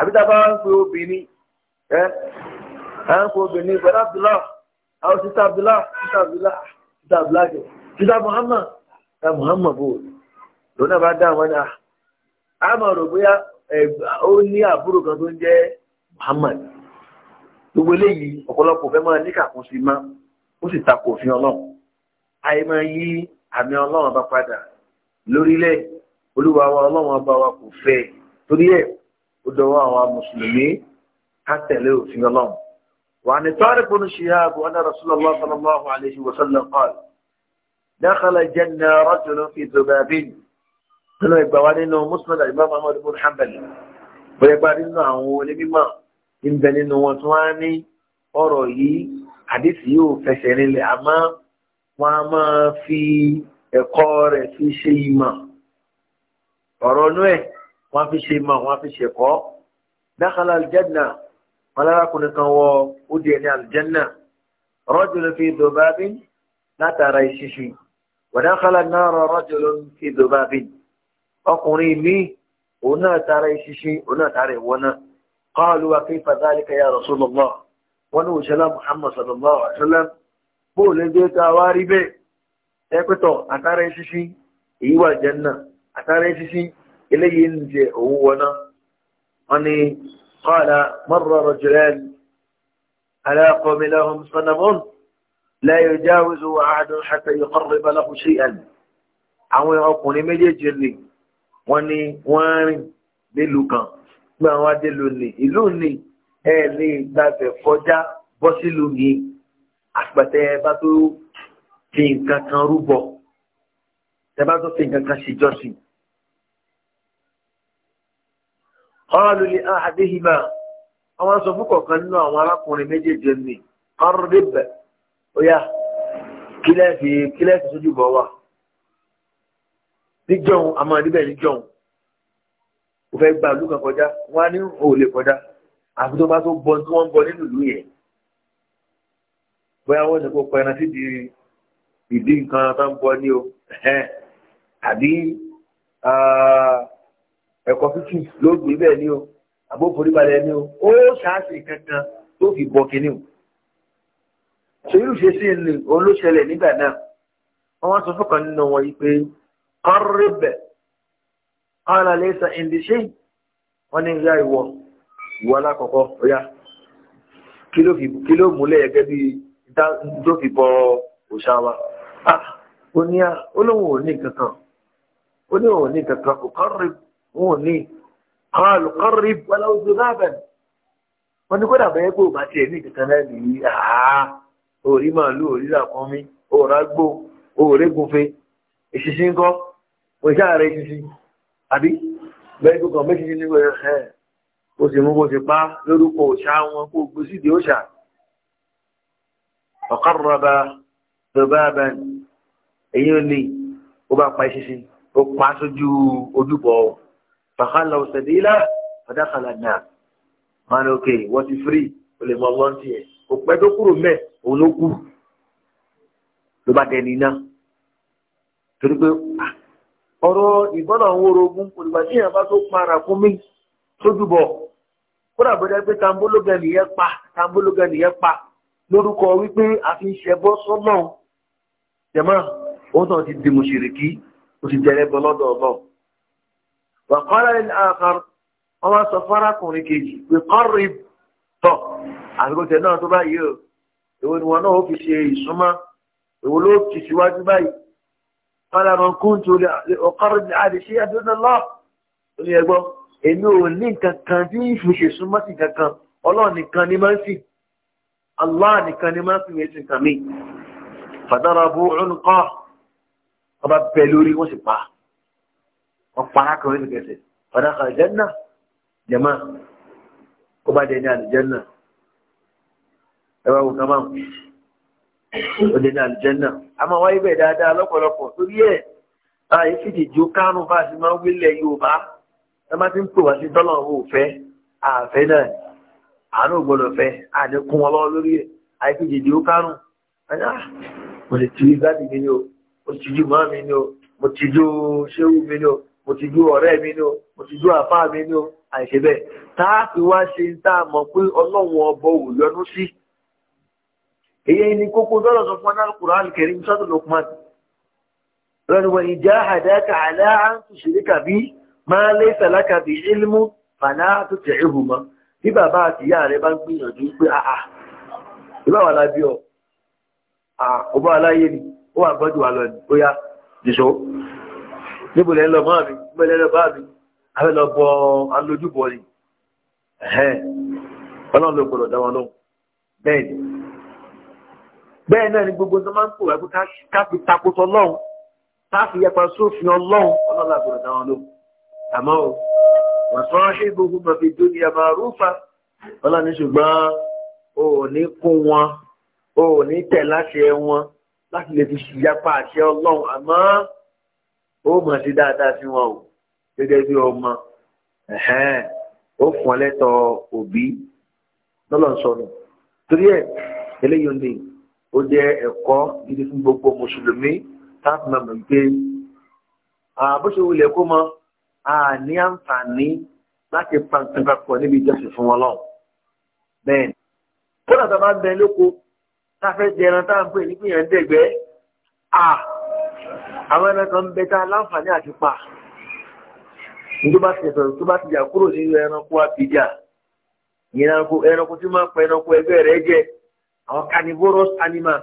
àbí tá a bá ń pe obìnrin ẹ à ń pe obìnrin pẹ̀lú abdullah àwọn sita abdullah sita abdullah sita abdullah jẹ sita muhammad sita muhammad bò lóun náà bá dá àwọn náà a máa rò bóyá ó ní àbúrò kan tó ń jẹ́ muhammad gbogbo eléyìí ọ̀pọ̀lọpọ̀ fẹ́ máa níkàkún sí máa ó sì takò òfin ọlọ́run àyè máa yí àmì ọlọ́run bá padà lórílẹ̀ olúwa wa ọlọ́run ọba wa kò fẹ́ torí ẹ̀ ó dọwọ́ àwọn mùsùlùmí ká tẹ̀lé òfin ọlọ́run وعن طارق بن شهاب أن رسول الله صلى الله عليه وسلم قال دخل الجنة رجل في ذباب nínú ìgbà wa nínú muslim imam ahmed bin hanbal bóyá gba nínú àwọn onímọ̀ ìbẹ̀ nínú wọn tí wọ́n á ní ọ̀rọ̀ yìí àdìsí yóò fẹsẹ̀ rinlẹ̀ àmọ́ wọ́n á máa fi ẹ̀kọ́ rẹ̀ fi ṣe ìmọ̀ ọ̀rọ̀ nú ẹ̀ wọ́n fi ṣe mọ̀ wọ́n fi ṣẹ̀kọ́ dákàlà aljanna wọn lárakùnrin kan wọ ó di ẹni aljanna rajulun fi dubabin látara ìṣiṣi wọ̀dákàlà náà rajulun fi dubabin ọkùnrin mi òun náà tara ìṣiṣi òun náà tara ìwọ náà qalu wa kayfa dhalika ya rasulullah wọn ní òṣèlú muhammad sallallahu alaihi wa sallam bóòlù ẹgbẹ́ tó a wá rí bẹ́ẹ̀ ẹ pẹ́tọ̀ àtara ìṣiṣi èyí wà janna àtara ìṣiṣi eléyìí ń jẹ òun wọná wọn ni kọ́ọ̀lá mọ́rọ̀ rọ̀jùlẹ́n aláàkọ́mílẹ́hùn sọ́nàmọ́n láyé jáwézó àádọ́ àti ìkọ́rọ̀ ìbálòpọ̀ sí ẹ̀ àwọn ọkùnrin méjèèjì ni wọ́n ní wọ́n rìn nílùú kan pé àwọn adélo ní ìlú ní ẹ lè gbàgbẹ́ kọjá bọ́ sílùú yìí àpẹtẹ bá tó fi nǹkan kan rúbọ ẹ bá tó fi nǹkan kan ṣèjọsìn qalu li ahadihima àwọn sọ fún kọ̀ọ̀kan nínú àwọn arákùnrin méjèèjì ní qarrib ó yá kílẹ̀sì kílẹ̀sì sójú bọ̀ wà níjọ́hun àmọ́ níbẹ̀ níjọ́hun ó fẹ́ gba ìlú kan kọjá wọ́n á ní òun lè kọjá àfi tó bá tó bọ tí wọ́n ń bọ nínú ìlú yẹn bóyá wọ́n ti kó pa ẹran sídi ìdí nǹkan tó ń bọ ní o àbí ah, ẹ̀kọ́ fífi ló gbé bẹ́ẹ̀ ni o àbó foríbalẹ̀ ni o ó ṣáàṣì kankan tó fi bọ kínní o ṣèyí ṣe sí ni òun ló ṣẹlẹ̀ nígbà náà wọ́n wá sọ fọkàn nínú wọn yìí pé kọ́rẹ́bẹ̀ kọ́ra lẹ́sà ìndíṣẹ́ wọ́n ní ìyá ìwọ ìwọ alákọ̀ọ́kọ́ ọ̀yá kí ló múlẹ̀ gẹ́gẹ́ bí tó fi bọ òṣà wa ah, ó ní olóhùn ò ní kankan ó ní òun ní kankan kò kọ́rẹ́bẹ̀ wọn ò ní àwọn àlùkọ́rì bọ́lá ojú lábẹ́ wọn ní kódà bẹ́ẹ̀ gbòòbá tiẹ̀ ní ìkankan náà nìyí àá orí màálù orí làkúnmí òòrá gbò òòrè gunfe ìṣinṣin kọ́ òṣìṣẹ́ rẹ̀ ìṣinṣin àbí bẹ́ẹ̀ gbogbo ọ̀mọ́ ìṣinṣin ní wẹ́rẹ́ ẹ̀ ó sì mú kó sì pa lórúkọ òṣà wọn kó gbó sídìí òṣà ọ̀kọ́rọ̀ba bàbá abẹ́ni èyí ò ní ó bá pa ìṣinṣin ó pa sójú ojúbọ ọ̀hún fàkàlà sabila fàdákàlà náà máa ní ok wọ́n ti firi o lè mọ ọlọ́ntì yẹn kò pẹ́ tó kúrò mẹ́ òun ló kú ló bá dẹni náà torí pé ọ̀rọ̀ ìbọ́nà àwọn orogún olùgbà tí èèyàn bá tó para fún mi sójú bọ̀ kódà bọ́dá pé tambólógẹ nìyẹn pa tambólógẹ nìyẹn pa lórúkọ wípé a fi ń ṣẹbọ sọ́nà jẹ̀mọ́ òun náà ti di mùsùlùmí ó ti jẹrẹ bọ́ lọ́dọ̀ ọlọ́run. وقال ní àkàr ọmọ sọ fárakùnrin kejì pé kọ́rì tọ̀ àgbẹ̀tẹ̀ náà tó báyìí o èwo ni wọn náà ó fi ṣe ìsúnmọ́ èwo ló fi síwájú báyìí kọ́lá mọ kúntù ọ̀kọ́rì ní àdìsí àdúnnàlọ́ ó ní ẹgbọ́ èmi ò ní kankan tí ìfi ṣe súnmọ́ sí kankan ọlọ́ọ̀ nìkan ni máa ń sìn allah nìkan ni máa ń sìn wẹ́sìn kàmí fàdárà bú ọ̀nùkọ́ ọba bẹ̀ lórí wọ́n sì pa á ọ̀pá arákùnrin ní kẹsẹ̀ ọ̀dà kan àlùjẹ́nà jẹ̀mọ́ ó bá dé ní àlùjẹ́nà ẹ wá wò kán máa ó dé ní àlùjẹ́nà a máa wáyé bẹ́ẹ̀ dáadáa lọ́pọ̀lọpọ̀ torí ẹ̀ báyìí fìdí ju kánú bá a ti máa ń wílẹ̀ Yorùbá ẹ má ti ń pè wá sí tọ́lọ̀ ò fẹ́ àfẹ́ náà àánú gbọ́dọ̀ fẹ́ àdékún wọn lọ́wọ́ lórí ẹ̀ àìfìdí ju kánú ah, mo lè mo tìjú mọ́ mi mo ti ju ọ̀rẹ́ mi ní o mo ti ju àfá mi ní o àìṣe bẹ́ẹ̀ tá a fi wá ṣe ń tá a mọ̀ pé ọlọ́run ọbọ̀ ò yọnu sí èyí ni kókó dọ́rọ̀ sọ fún Al-Qur'an Al-Karim sọ́tò Luqman lọ́nà wọ́n ìjà àdáka àlá an tushrika bí máa lé sàlákà bí ilmú fàlá tó tẹ̀ ẹ́ hùmọ́ bí bàbá àti ìyá rẹ bá ń gbìyànjú pé àà ah, ah, ìbá wà lábí ọ àà ah, ọba aláyé ni ó wà gbọ́dọ̀ wà lọ ní ó yá níbo lẹ́ lọ máa mi níbo lẹ́ lọ bá mi afẹ́ lọ bọ alójúbọ ni ọlọ́run ló gbọdọ̀ dá wọn lóhùn bẹ́ẹ̀ ni bẹ́ẹ̀ náà ni gbogbo tó máa ń pò wá pé ká ọlọ́run ká yẹpa sófin ọlọ́run ọlọ́run la gbọdọ̀ dá àmọ́ ó mọ̀ sí dáadáa sí wọn o gẹ́gẹ́ bí ọmọ ó fún ọ lẹ́tọ̀ọ́ òbí lọ́lọ́sọ̀nù torí ẹ̀ eléyìí ni ó jẹ́ ẹ̀kọ́ gidi fún gbogbo mùsùlùmí táàpù náà mọ̀ pé àbúṣe wulẹ̀ kó mọ àní àǹfààní láti pàǹtàǹkà pọ̀ níbi ìjọsìn fún wọn lọ́wọ́ bẹ́ẹ̀ ni kódà tó bá ń bẹ lóko tá a fẹ́ jẹran tá à ń pè ní pìyàn àwọn ẹranko ń bẹ tá a láǹfààní àti pa tó bá ti sọ̀rọ̀ tó bá ti jà kúrò nínú ẹranko àbíjà ìyẹn ẹranko ẹranko tí máa ń pa ẹranko ẹgbẹ́ rẹ̀ jẹ àwọn carnivorous animal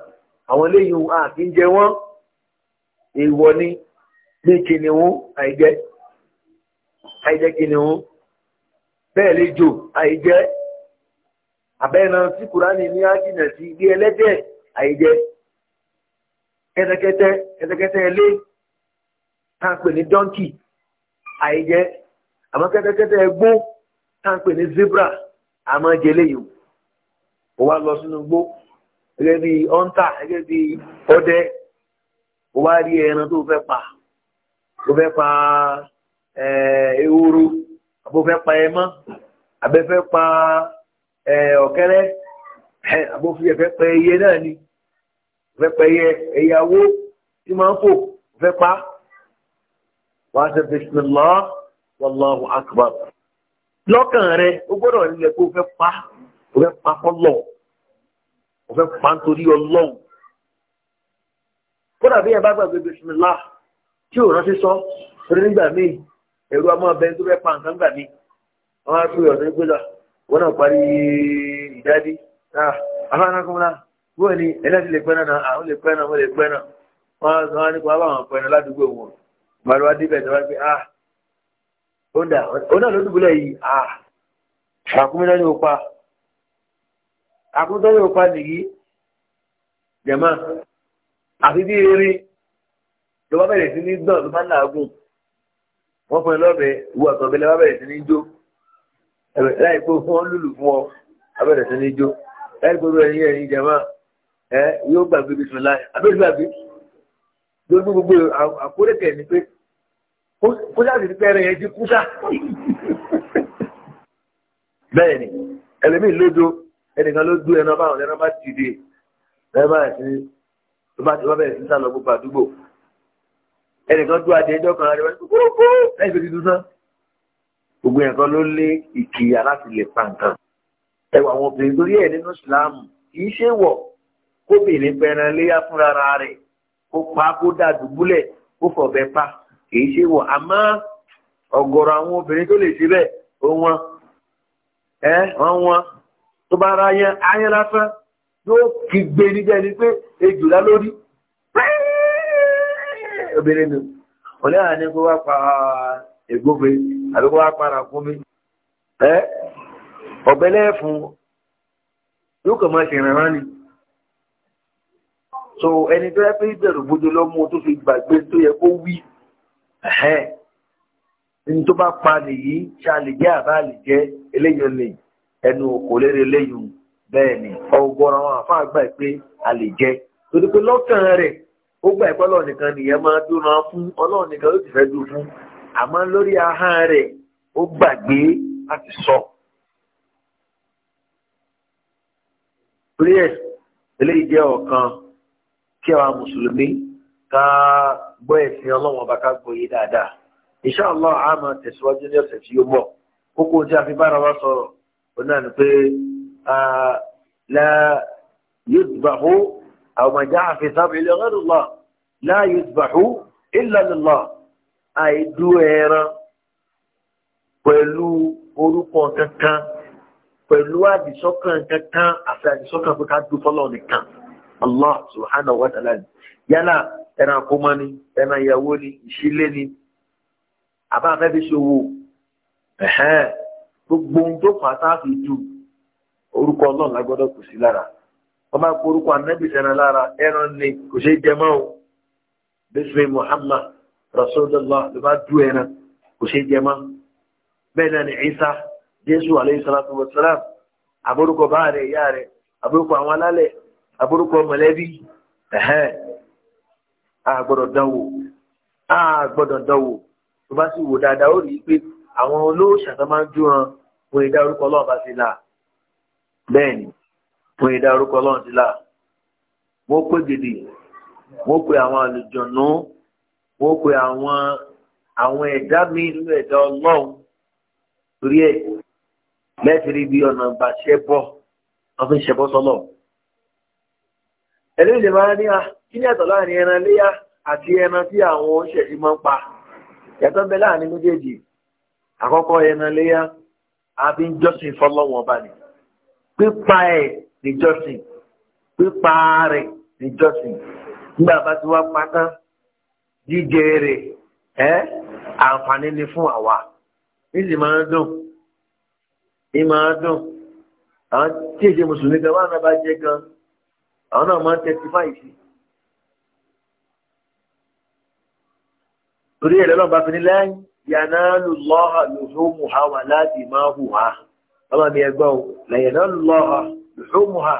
àwọn eléyìí ohun àfi ń jẹ wọ́n èèwọ̀ ni bí kìnìún àìjẹ àìjẹ kìnìún bẹ́ẹ̀ lè jò àìjẹ àbẹ́ẹ̀nà tí kùránì ní ájìnà sí bí ẹlẹ́dẹ̀ àìjẹ kẹ́tẹ́kẹ́tẹ́ kẹ́tẹ́kẹ́tẹ́ ilé tá à ń pè ní dọ́ńkì àìjẹ́ àmọ́ kẹ́tẹ́kẹ́tẹ́ igbó tá ní zebra àmọ́ jẹlé yìí ó wá lọ sínú igbó gẹ́gẹ́ bí ọ́ńtà gẹ́gẹ́ bí ọdẹ ó wá rí ẹran tó fẹ́ pa ó fẹ́ pa eh, ehoro àbó fẹ́ pa ẹmọ́ àbẹ́fẹ́ pa eh, ọ̀kẹ́rẹ́ eh, àbó fi ẹ̀fẹ́ pa ẹyẹ náà ni pẹ́pẹ́yẹ ẹ̀yàwó tí máa ń fò fẹ́ pa wàá ṣe bismillah wallahu akbar lọ́kàn rẹ o gbọ́dọ̀ nílẹ̀ kó o fẹ́ pa o fẹ́ pa fọ́lọ̀ o fẹ́ pa nítorí ọlọ́run kódà bí yẹn bá gbàgbé bismillah tí ò rántí sọ torí nígbà míì ẹ̀rù ọmọ ọbẹ̀ tó fẹ́ pa nǹkan gbà mí wọ́n á tún yọ̀ ní gbé lọ wọ́n náà parí ìdádí ah, náà bóyá ni ẹlẹ́sì lè pẹ́ náà àwọn lè pẹ́ náà wọ́n lè pẹ́ náà wọ́n sọ wọn nípa báwọn pẹ́ náà ládùúgbò wọn bàrọ̀ wá débẹ̀ náà wá pé ah ó dà ó náà ló dùbúlẹ̀ yìí ah àkúmíná ni ó pa àkúmíná ni ó pa nìyí jẹ̀má àfi bí eré ló bá bẹ̀rẹ̀ sí ní dán ló bá làágùn wọ́n fún ẹ lọ́bẹ̀ ìwọ àtọ̀bẹ̀lẹ̀ bá bẹ̀rẹ̀ sí ní jó láì pé wọ́n lùlù fún ọ bá bẹ̀rẹ̀ sí ní jó láì pé wọ́n ẹ̀yìn ẹ̀yìn jẹ̀má ẹ yóò gbàgbé bí sùn láì abẹ́rẹ́ gbàgbé lójú gbogbo àkórèkẹ́ ni pé kó sáà sì ti pẹ́ẹ́rẹ́ yẹn ti kú sá. bẹ́ẹ̀ ni ẹlẹ́mìí lójó ẹnìkan ló dú ẹran báwọn ẹran bá dìde ẹran bá sí ló bá ti wá bẹ̀rẹ̀ sí sálọ gbogbo àdúgbò ẹnìkan dú adé ẹjọ́ kan adé wọn kó kó ẹ̀sìn ti dùn sán. gbogbo ẹ̀kan ló lé ìkìyà láti lè pa nǹkan ẹwà àwọn obìnrin torí ẹ̀ nínú ìsìláàmù kì í ṣe wọ̀ kóbìnrin pẹran léyà fúnra rẹ̀ kó pa kó dà dùbúlẹ̀ kó fọ̀bẹ pa kìí ṣe wọ̀ àmọ́ ọ̀gọ̀rọ̀ àwọn obìnrin tó lè ṣe bẹ́ẹ̀ ó wọn ẹ wọn wọn tó bá ra yẹn ayẹn lásán yóò kí gbé níbẹ̀ ni pé ejòlá lórí obìnrin mi òní àní kó wá pa ah, ègbófe àbí kó wá para fún mi ẹ ọ̀bẹ lẹ́ẹ̀fún yóò kàn máa ṣèrànràn ni so ẹni tó yẹ pé ìbẹ̀rù bójú lọ́mú tó fi gbàgbé tó yẹ kó wí ní tó bá pa nìyí ṣá lè jẹ́ àbá lè jẹ́ eléyìí lè ẹnu kò lérè léyìn bẹ́ẹ̀ ni ọgọ́rọ̀ àwọn àfáà gbà pé a lè jẹ́ torí pé lọ́kàn rẹ̀ ó gbà pé ọlọ́run nìkan nìyẹn máa dúnra fún ọlọ́run nìkan ló ti fẹ́ dùn fún àmọ́ lórí ahọ́n rẹ̀ ó gbàgbé láti sọ. eléyìí jẹ́ ọ̀kan kí àwọn mùsùlùmí ká gbọ́ ẹ̀sìn ọlọ́wọ́n bá ká gbọ́ yé dáadáa insha Allah a máa tẹ̀síwájú ní ọ̀sẹ̀ tí ó mọ̀ kókó tí a fi bára wa sọ̀rọ̀ ó náà ni pé la yudbahu aw ma ja'a fi sabihi li ghayri Allah la yudbahu illa lillah àìdú ẹran pẹ̀lú orúkọ kankan pẹ̀lú àdìsọ́kàn kankan àti àdìsọ́kàn pé ká dúpọ́ lọ́ọ̀ nìkan. Allah subhanahu wa ta'ala ni ẹran akómọ ni ẹran ìyàwó ni ìṣílé ni àbá ṣòwò gbogbo ohun tó fà á sáàfì orúkọ ọlọ́run lágbọ́dọ̀ kù sí lára wọ́n bá kó orúkọ anábì ẹran ni kò ṣeé jẹ mọ́ o bísí Muhammad rasulullah ló bá dù ẹran kò ṣeé jẹ mọ́ salatu wa salam àbórúkọ bá rẹ̀ ìyá rẹ̀ àbúrúkọ mọ̀lẹ́bí ẹ̀hẹ́n a gbọ́dọ̀ dánwò a gbọ́dọ̀ dánwò tó bá sì wò dáadáa ó rí i pé àwọn olóòṣà tó máa ń dúran wọn ìdá orúkọ ọlọ́run bá ti là bẹ́ẹ̀ ni wọn ìdá orúkọ ọlọ́run ti là wọ́n pè gèdè wọ́n pè àwọn àlùjọ̀nù wọ́n pè àwọn àwọn ẹ̀dá míì nínú ẹ̀dá ọlọ́run torí ẹ̀ lẹ́sìn bí ọ̀nà ìbàṣẹ́ bọ̀ wọ́n fi ń ṣẹbọ́ sọ́lọ́run ẹni lè máa ní à kí ni ẹ̀tọ́ láàrin ẹran léyà àti ẹran tí àwọn oníṣẹ̀ṣẹ̀ máa ń pa ẹ̀tọ́ bẹ láàrin méjèèjì àkọ́kọ́ ẹran léyà àbí jọ́sìn fọlọ́wọ́n bá ní pípa ẹ̀ níjọ́sìn pípa rẹ̀ níjọ́sìn nígbà bá ti wá pátá jíjẹ rẹ̀ ẹ́ àǹfààní ni fún àwa níṣì máa ń dùn ní máa àwọn tí èsè mùsùlùmí gan wà náà bá jẹ gan àwọn náà máa ń tẹ́tí fáyì sí. torí ẹ̀rọ náà bá fi ní lẹ́yìn yanalu lọ́ha lùhùmù ha wà láti máa hù ha ọmọ mi ẹgbọ́n lẹ́yìn náà lọ́ha lùhùmù ha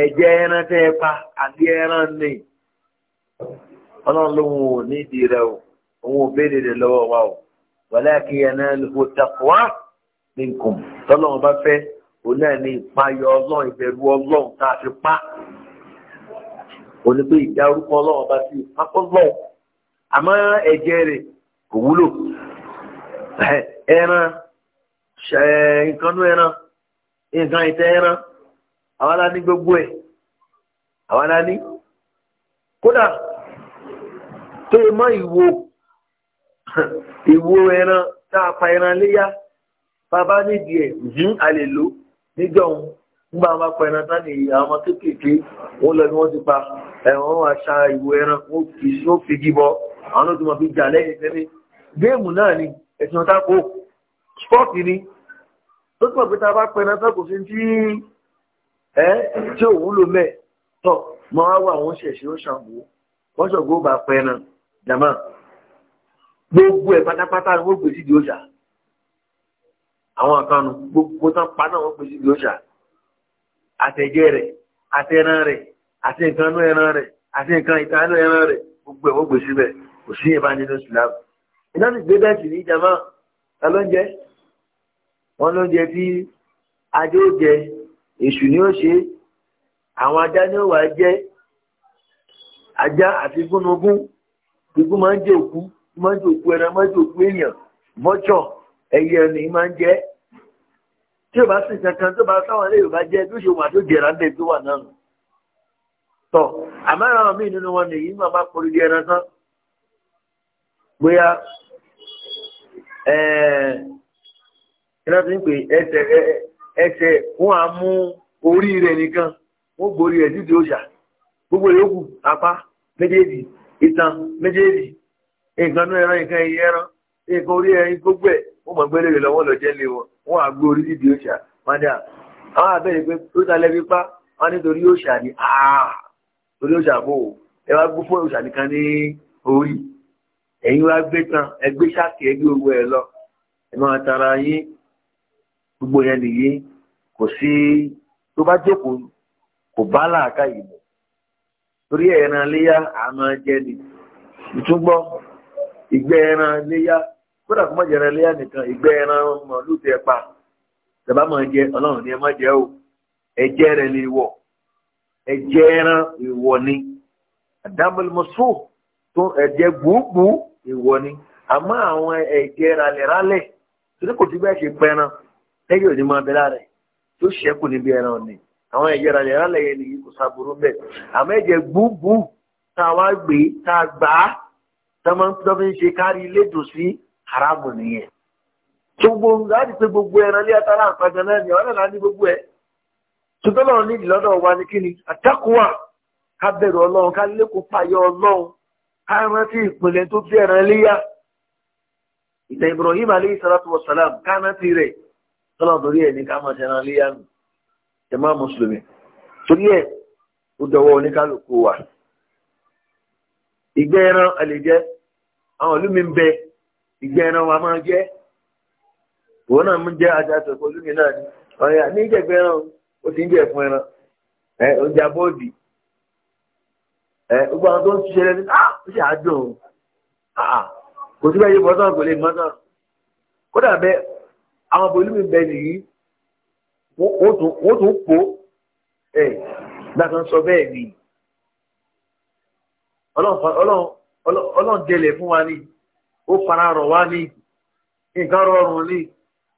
ẹ̀jẹ̀ ẹran tẹ́ ẹ pa àbí ẹran ní ọlọ́run lóhun ò ní ìdí rẹ o òun ò béèrè rẹ lọ́wọ́ wa o wàlẹ́ àkè yanalu hù taqwa minkum tọ́lọ́run bá fẹ́ òun náà ní ìpayọ̀ ọlọ́run ìbẹ̀rù ọlọ́run tá a fi pa òní pé ìjà orúkọ ọlọ́run bá sí pápọ́lọ́ àmọ́ ẹ̀jẹ̀ rẹ̀ kò wúlò ẹran nǹkanú ẹran nǹkan ìtẹ́ ẹran àwọn aláni gbogbo ẹ̀ àwọn aláni kódà tó yẹ mọ́ ìwo ìwo ẹran tá a pa ẹran léyà bàbá nídìí ẹ̀ a lè lò níjọ́ òun nígbà wọn bá pa ẹran tán nìyí àwọn ọmọ kéékèèké wọn lọ ni wọn ti pa ẹwọn àṣà ìwò ẹran wọn fi gíbọ àwọn ló ti mọ fi jà lẹ́yìn tẹ́lẹ̀ géèmù náà ni ẹ̀sìn ọ̀tá kó spọ́ọ̀tì ni tó túmọ̀ pé tá a bá pa ẹran tán kò sí tí ẹ tí òun lò mẹ́ tọ̀ mọ́ wá wà wọ́n ṣẹ̀ṣẹ̀ ó ṣàǹwó wọ́n ṣọ̀gbọ́n bá pa ẹran jàmá gbogbo ẹ̀ pátápátá ni wọ́n gbèsè di òòṣà àwọn àkànnù gbogbo tán pa náà wọ́n gbèsè di òòṣà. àtẹ̀jẹ́ rẹ̀ àtẹran rẹ̀ àti nǹkan inú ẹran rẹ̀ àti nǹkan ìtanú ẹran rẹ̀ gbogbo ẹ̀ gbèsè bẹ̀ kò sí ìyẹn bá iná ti gbé bẹ́ẹ̀ sì ní ìjàmá ta ló ń wọn ló ń jẹ tí ajé ó jẹ èṣù ni ó ṣe àwọn ajá tí o bá sì kankan tó bá sáwọn ilé yorùbá jẹ bí ó ṣe wà tó jẹrà ń bẹ tó wà náà tọ àmọ́ àwọn míì nínú wọn nìyí máa bá porí di ẹran tán bóyá ẹran ti ń pè ẹsẹ̀ ẹsẹ̀ wọn á mú orí rẹ̀ nìkan wọn gborí rẹ̀ títí òòṣà gbogbo yòókù apá méjèèjì ìtàn méjèèjì nǹkan nú ẹran nǹkan ẹyẹ ẹran nǹkan orí ẹran gbogbo ẹ̀ wọ́n mọ̀ gbélé lọ wọ́n lọ jẹ́ lé wọn wọ́n á gbé orílẹ̀ èdè òṣà mádà àwọn abẹ́rẹ́ pé tó ta lẹ́bi pa wọ́n nítorí òṣà ni torí òṣà bò ó ẹ wá gbó fún òṣà nìkan ní orí ẹ̀yin wá gbé tán ẹ gbé ṣáàkì ẹ gbé owó ẹ lọ ẹ máa tara yín gbogbo yẹn nìyí kò sí tó bá jókòó kò bá làákà yìí mọ̀ torí ẹran léyà àmọ́ jẹ́ ni ìtúgbọ́ ìgbẹ́ ẹran léyà kódà kó má jẹ ẹran iléyà nìkan ìgbẹ́ ẹran màálù tẹ pa tẹ̀bá máa jẹ ọlọ́run ni ẹ má jẹ o ẹ̀jẹ̀ rẹ̀ lè wọ̀ ẹ̀jẹ̀ ẹran ìwọ̀ ni àdámọ́lùmọ́sọ́ tó ẹ̀jẹ̀ gbùgbù ìwọ̀ ni àmọ́ àwọn ẹ̀jẹ̀ ralẹ̀ralẹ̀ tó ní kò tí bẹ́ẹ̀ ṣe pẹran ẹ̀jẹ̀ ò ní máa bẹ lára ẹ̀ tó ṣẹ́kù níbi ẹran ni àwọn ẹ̀jẹ̀ ralẹ̀ralẹ̀ yẹn nìyí kò sábúrú mbẹ́ àmọ́ ẹ̀jẹ̀ gbùgbù tá a wá gbé tá a gbà á tá a máa ń ṣe kárí ilé dùn sí haramu nìyẹn gbogbo láti pé gbogbo ẹran lé atara àpàjọ náà ni na na ní gbogbo ẹ ṣùgbọ́n lọ́run ní ìlọ́dọ̀ wa ní kíni àtàkùwà ká bẹ̀rù ọlọ́run ká lékòó payọ ọlọ́run ká rántí ìpìlẹ̀ tó bí ẹran Ibrahim aleyhi salatu wa salam ká rántí torí ní ká máa ṣẹran nù mùsùlùmí torí ó dọwọ́ oníkálukú wa ìgbẹ́ ẹran àwọn olú mi ń bẹ́ẹ̀ ìgbẹ́ ẹran wa máa jẹ́ òun náà mú jẹ́ ajáṣọ pẹ̀lú mi náà ni ọ̀rẹ́ ìjẹ̀gbẹ́ ẹran ó ti ń jẹ́ fún ẹran ẹ oúnjẹ abọ́ọ̀dì ẹ gbogbo àwọn tó ń ṣiṣẹ́ lẹ́nu á ah, ó ṣe àádùn ah, mi nìyí wọ́n tún sọ bẹ́ẹ̀ ni ọlọ́run fún wa ó fara rọ̀ wá ní nǹkan rọrùn ní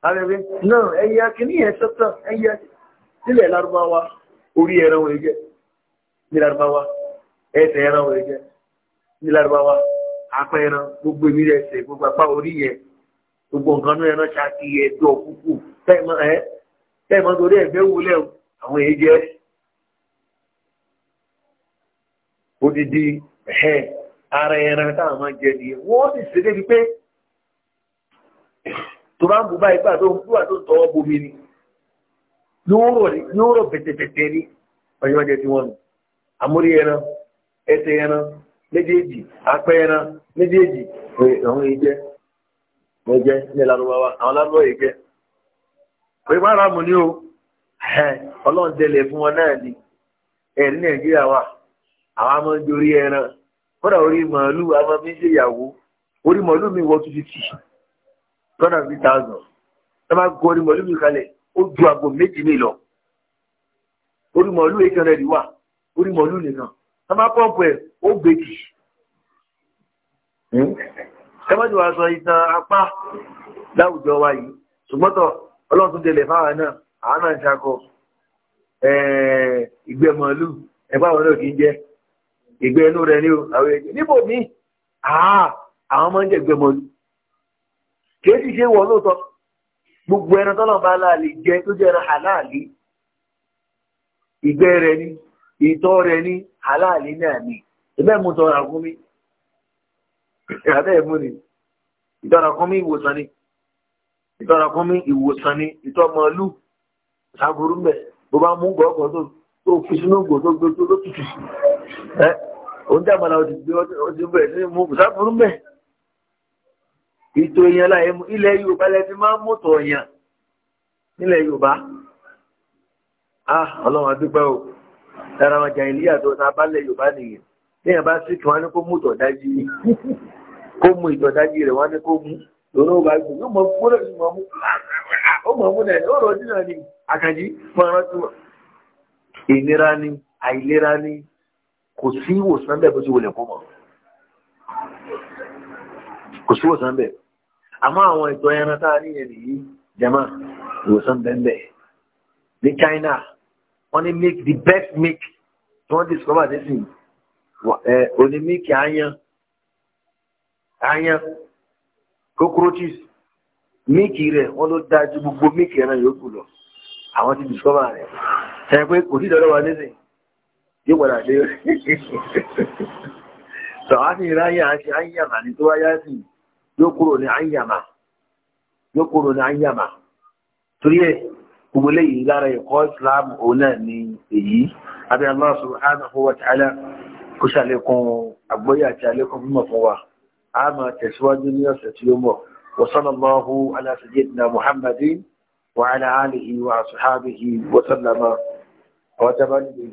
abẹ́bí náà ẹyẹ akíní yẹn sọ́tàn ẹyẹ nílẹ̀ lárúbáwá orí ẹran wòye jẹ́ ní lárúbáwá ẹsẹ̀ ẹran wòye jẹ́ ní lárúbáwá apá ẹran gbogbo èmi rẹ̀ ṣe gbogbo apá orí yẹn gbogbo nǹkan náà ẹran ṣáàtì ẹ̀dọ̀ kúkú tẹ́ẹ̀mọ́ torí ẹ̀gbẹ́ wulẹ̀ àwọn èyí jẹ́ odidi ẹ̀hẹ́ ara ẹran táwọn máa jẹ nìyẹn wọ́n sì ṣe débi pé tó bá ń bu báyìí gbà tó tọwọ́ bomi ni yóò bẹ̀tẹ̀bẹ̀tẹ̀ ọjọ́ jẹ ti nù àmórí ẹran ẹsẹ̀ ẹran méjèèjì apẹ ẹran méjèèjì àwọn èyí jẹ ní àwọn o ọlọ́run fún wọn náà ni ẹ̀rí Nàìjíríà wà àwọn ń jorí ẹran. kódà orí màálù a máa fi ń ṣe ìyàwó orí màálù mi wọ two fifty kódà three thousand ẹ máa gun orí màálù mi kalẹ̀ ó ju àgbo méjì mi lọ orí màálù eight hundred wà orí màálù nìkan ẹ máa pọ́ǹpù ẹ̀ ó gbèjì kẹ́mọ́tì wa sọ ìtàn apá láwùjọ wa yìí ṣùgbọ́tọ̀ ọlọ́run tó délẹ̀ fáwọn náà àwọn náà ń ṣakọ ìgbẹ́ màálù ẹ̀ ìgbé inú rẹ̀ ní àwọn èdè níbò mí àwọn ọmọ jẹ́ ìgbẹ́mọ̀ ní kìí ṣe gbogbo ẹran tọ́nà bá láàlì jẹ tó jẹ́ ẹran àláàlì ìgbẹ́ rẹ̀ ní ìtọ́ rẹ̀ ní náà ní ẹgbẹ́ mú fún mi ni ni ni òun dàgbàlà òtún gbé ọdún bẹ̀rẹ̀ sí mú esi mẹ́ ìtò èèyàn láyé mu ilẹ̀ yorùbá lẹ́fi máa ń mọ̀tò èèyàn nílẹ̀ yorùbá ah ọlọ́run o dára wọn jẹun ilé àtọ́ náà abálẹ̀ yorùbá nìyẹn téèyàn bá sì kí wọn ní kó mú ìtọ̀dájí kó rẹ̀ wọn ní kó mú lórí kò sí ìwòsàn bẹ́ẹ̀ bó ti wọlé kó mọ̀ kò sí ìwòsàn bẹ́ẹ̀ àmọ́ àwọn ìtọ̀ ẹran tá a ní yẹn nìyí jẹ́mọ́ ìwòsàn bẹ́ẹ̀ ní China wọ́n ní make the best make tí wọ́n discover this thing òní make ayan ayan cockroaches make rẹ̀ wọ́n ló dájú gbogbo make ẹran yòókù lọ àwọn ti discover rẹ̀ ṣe pé kò sí ìdọ́lọ́wọ́ nísìnyí yóò padà dé sọ̀rọ̀ sí ráyà àti àyàmà ní tó ráyà sí yóò kúrò ní àyàmà yóò kúrò ní àyàmà torí ẹ̀ gbogbo eléyìí lára ẹ̀kọ́ Islam òun ni èyí àbí Allah subhanahu wa ta'ala kó ṣàlékún àgbọ́yé àti àlékún mímọ̀ fún wa a máa tẹ̀síwájú ní ọ̀sẹ̀ tí ó mọ̀ وصلى الله على سيدنا محمد وعلى آله وصحابه وسلم وتبني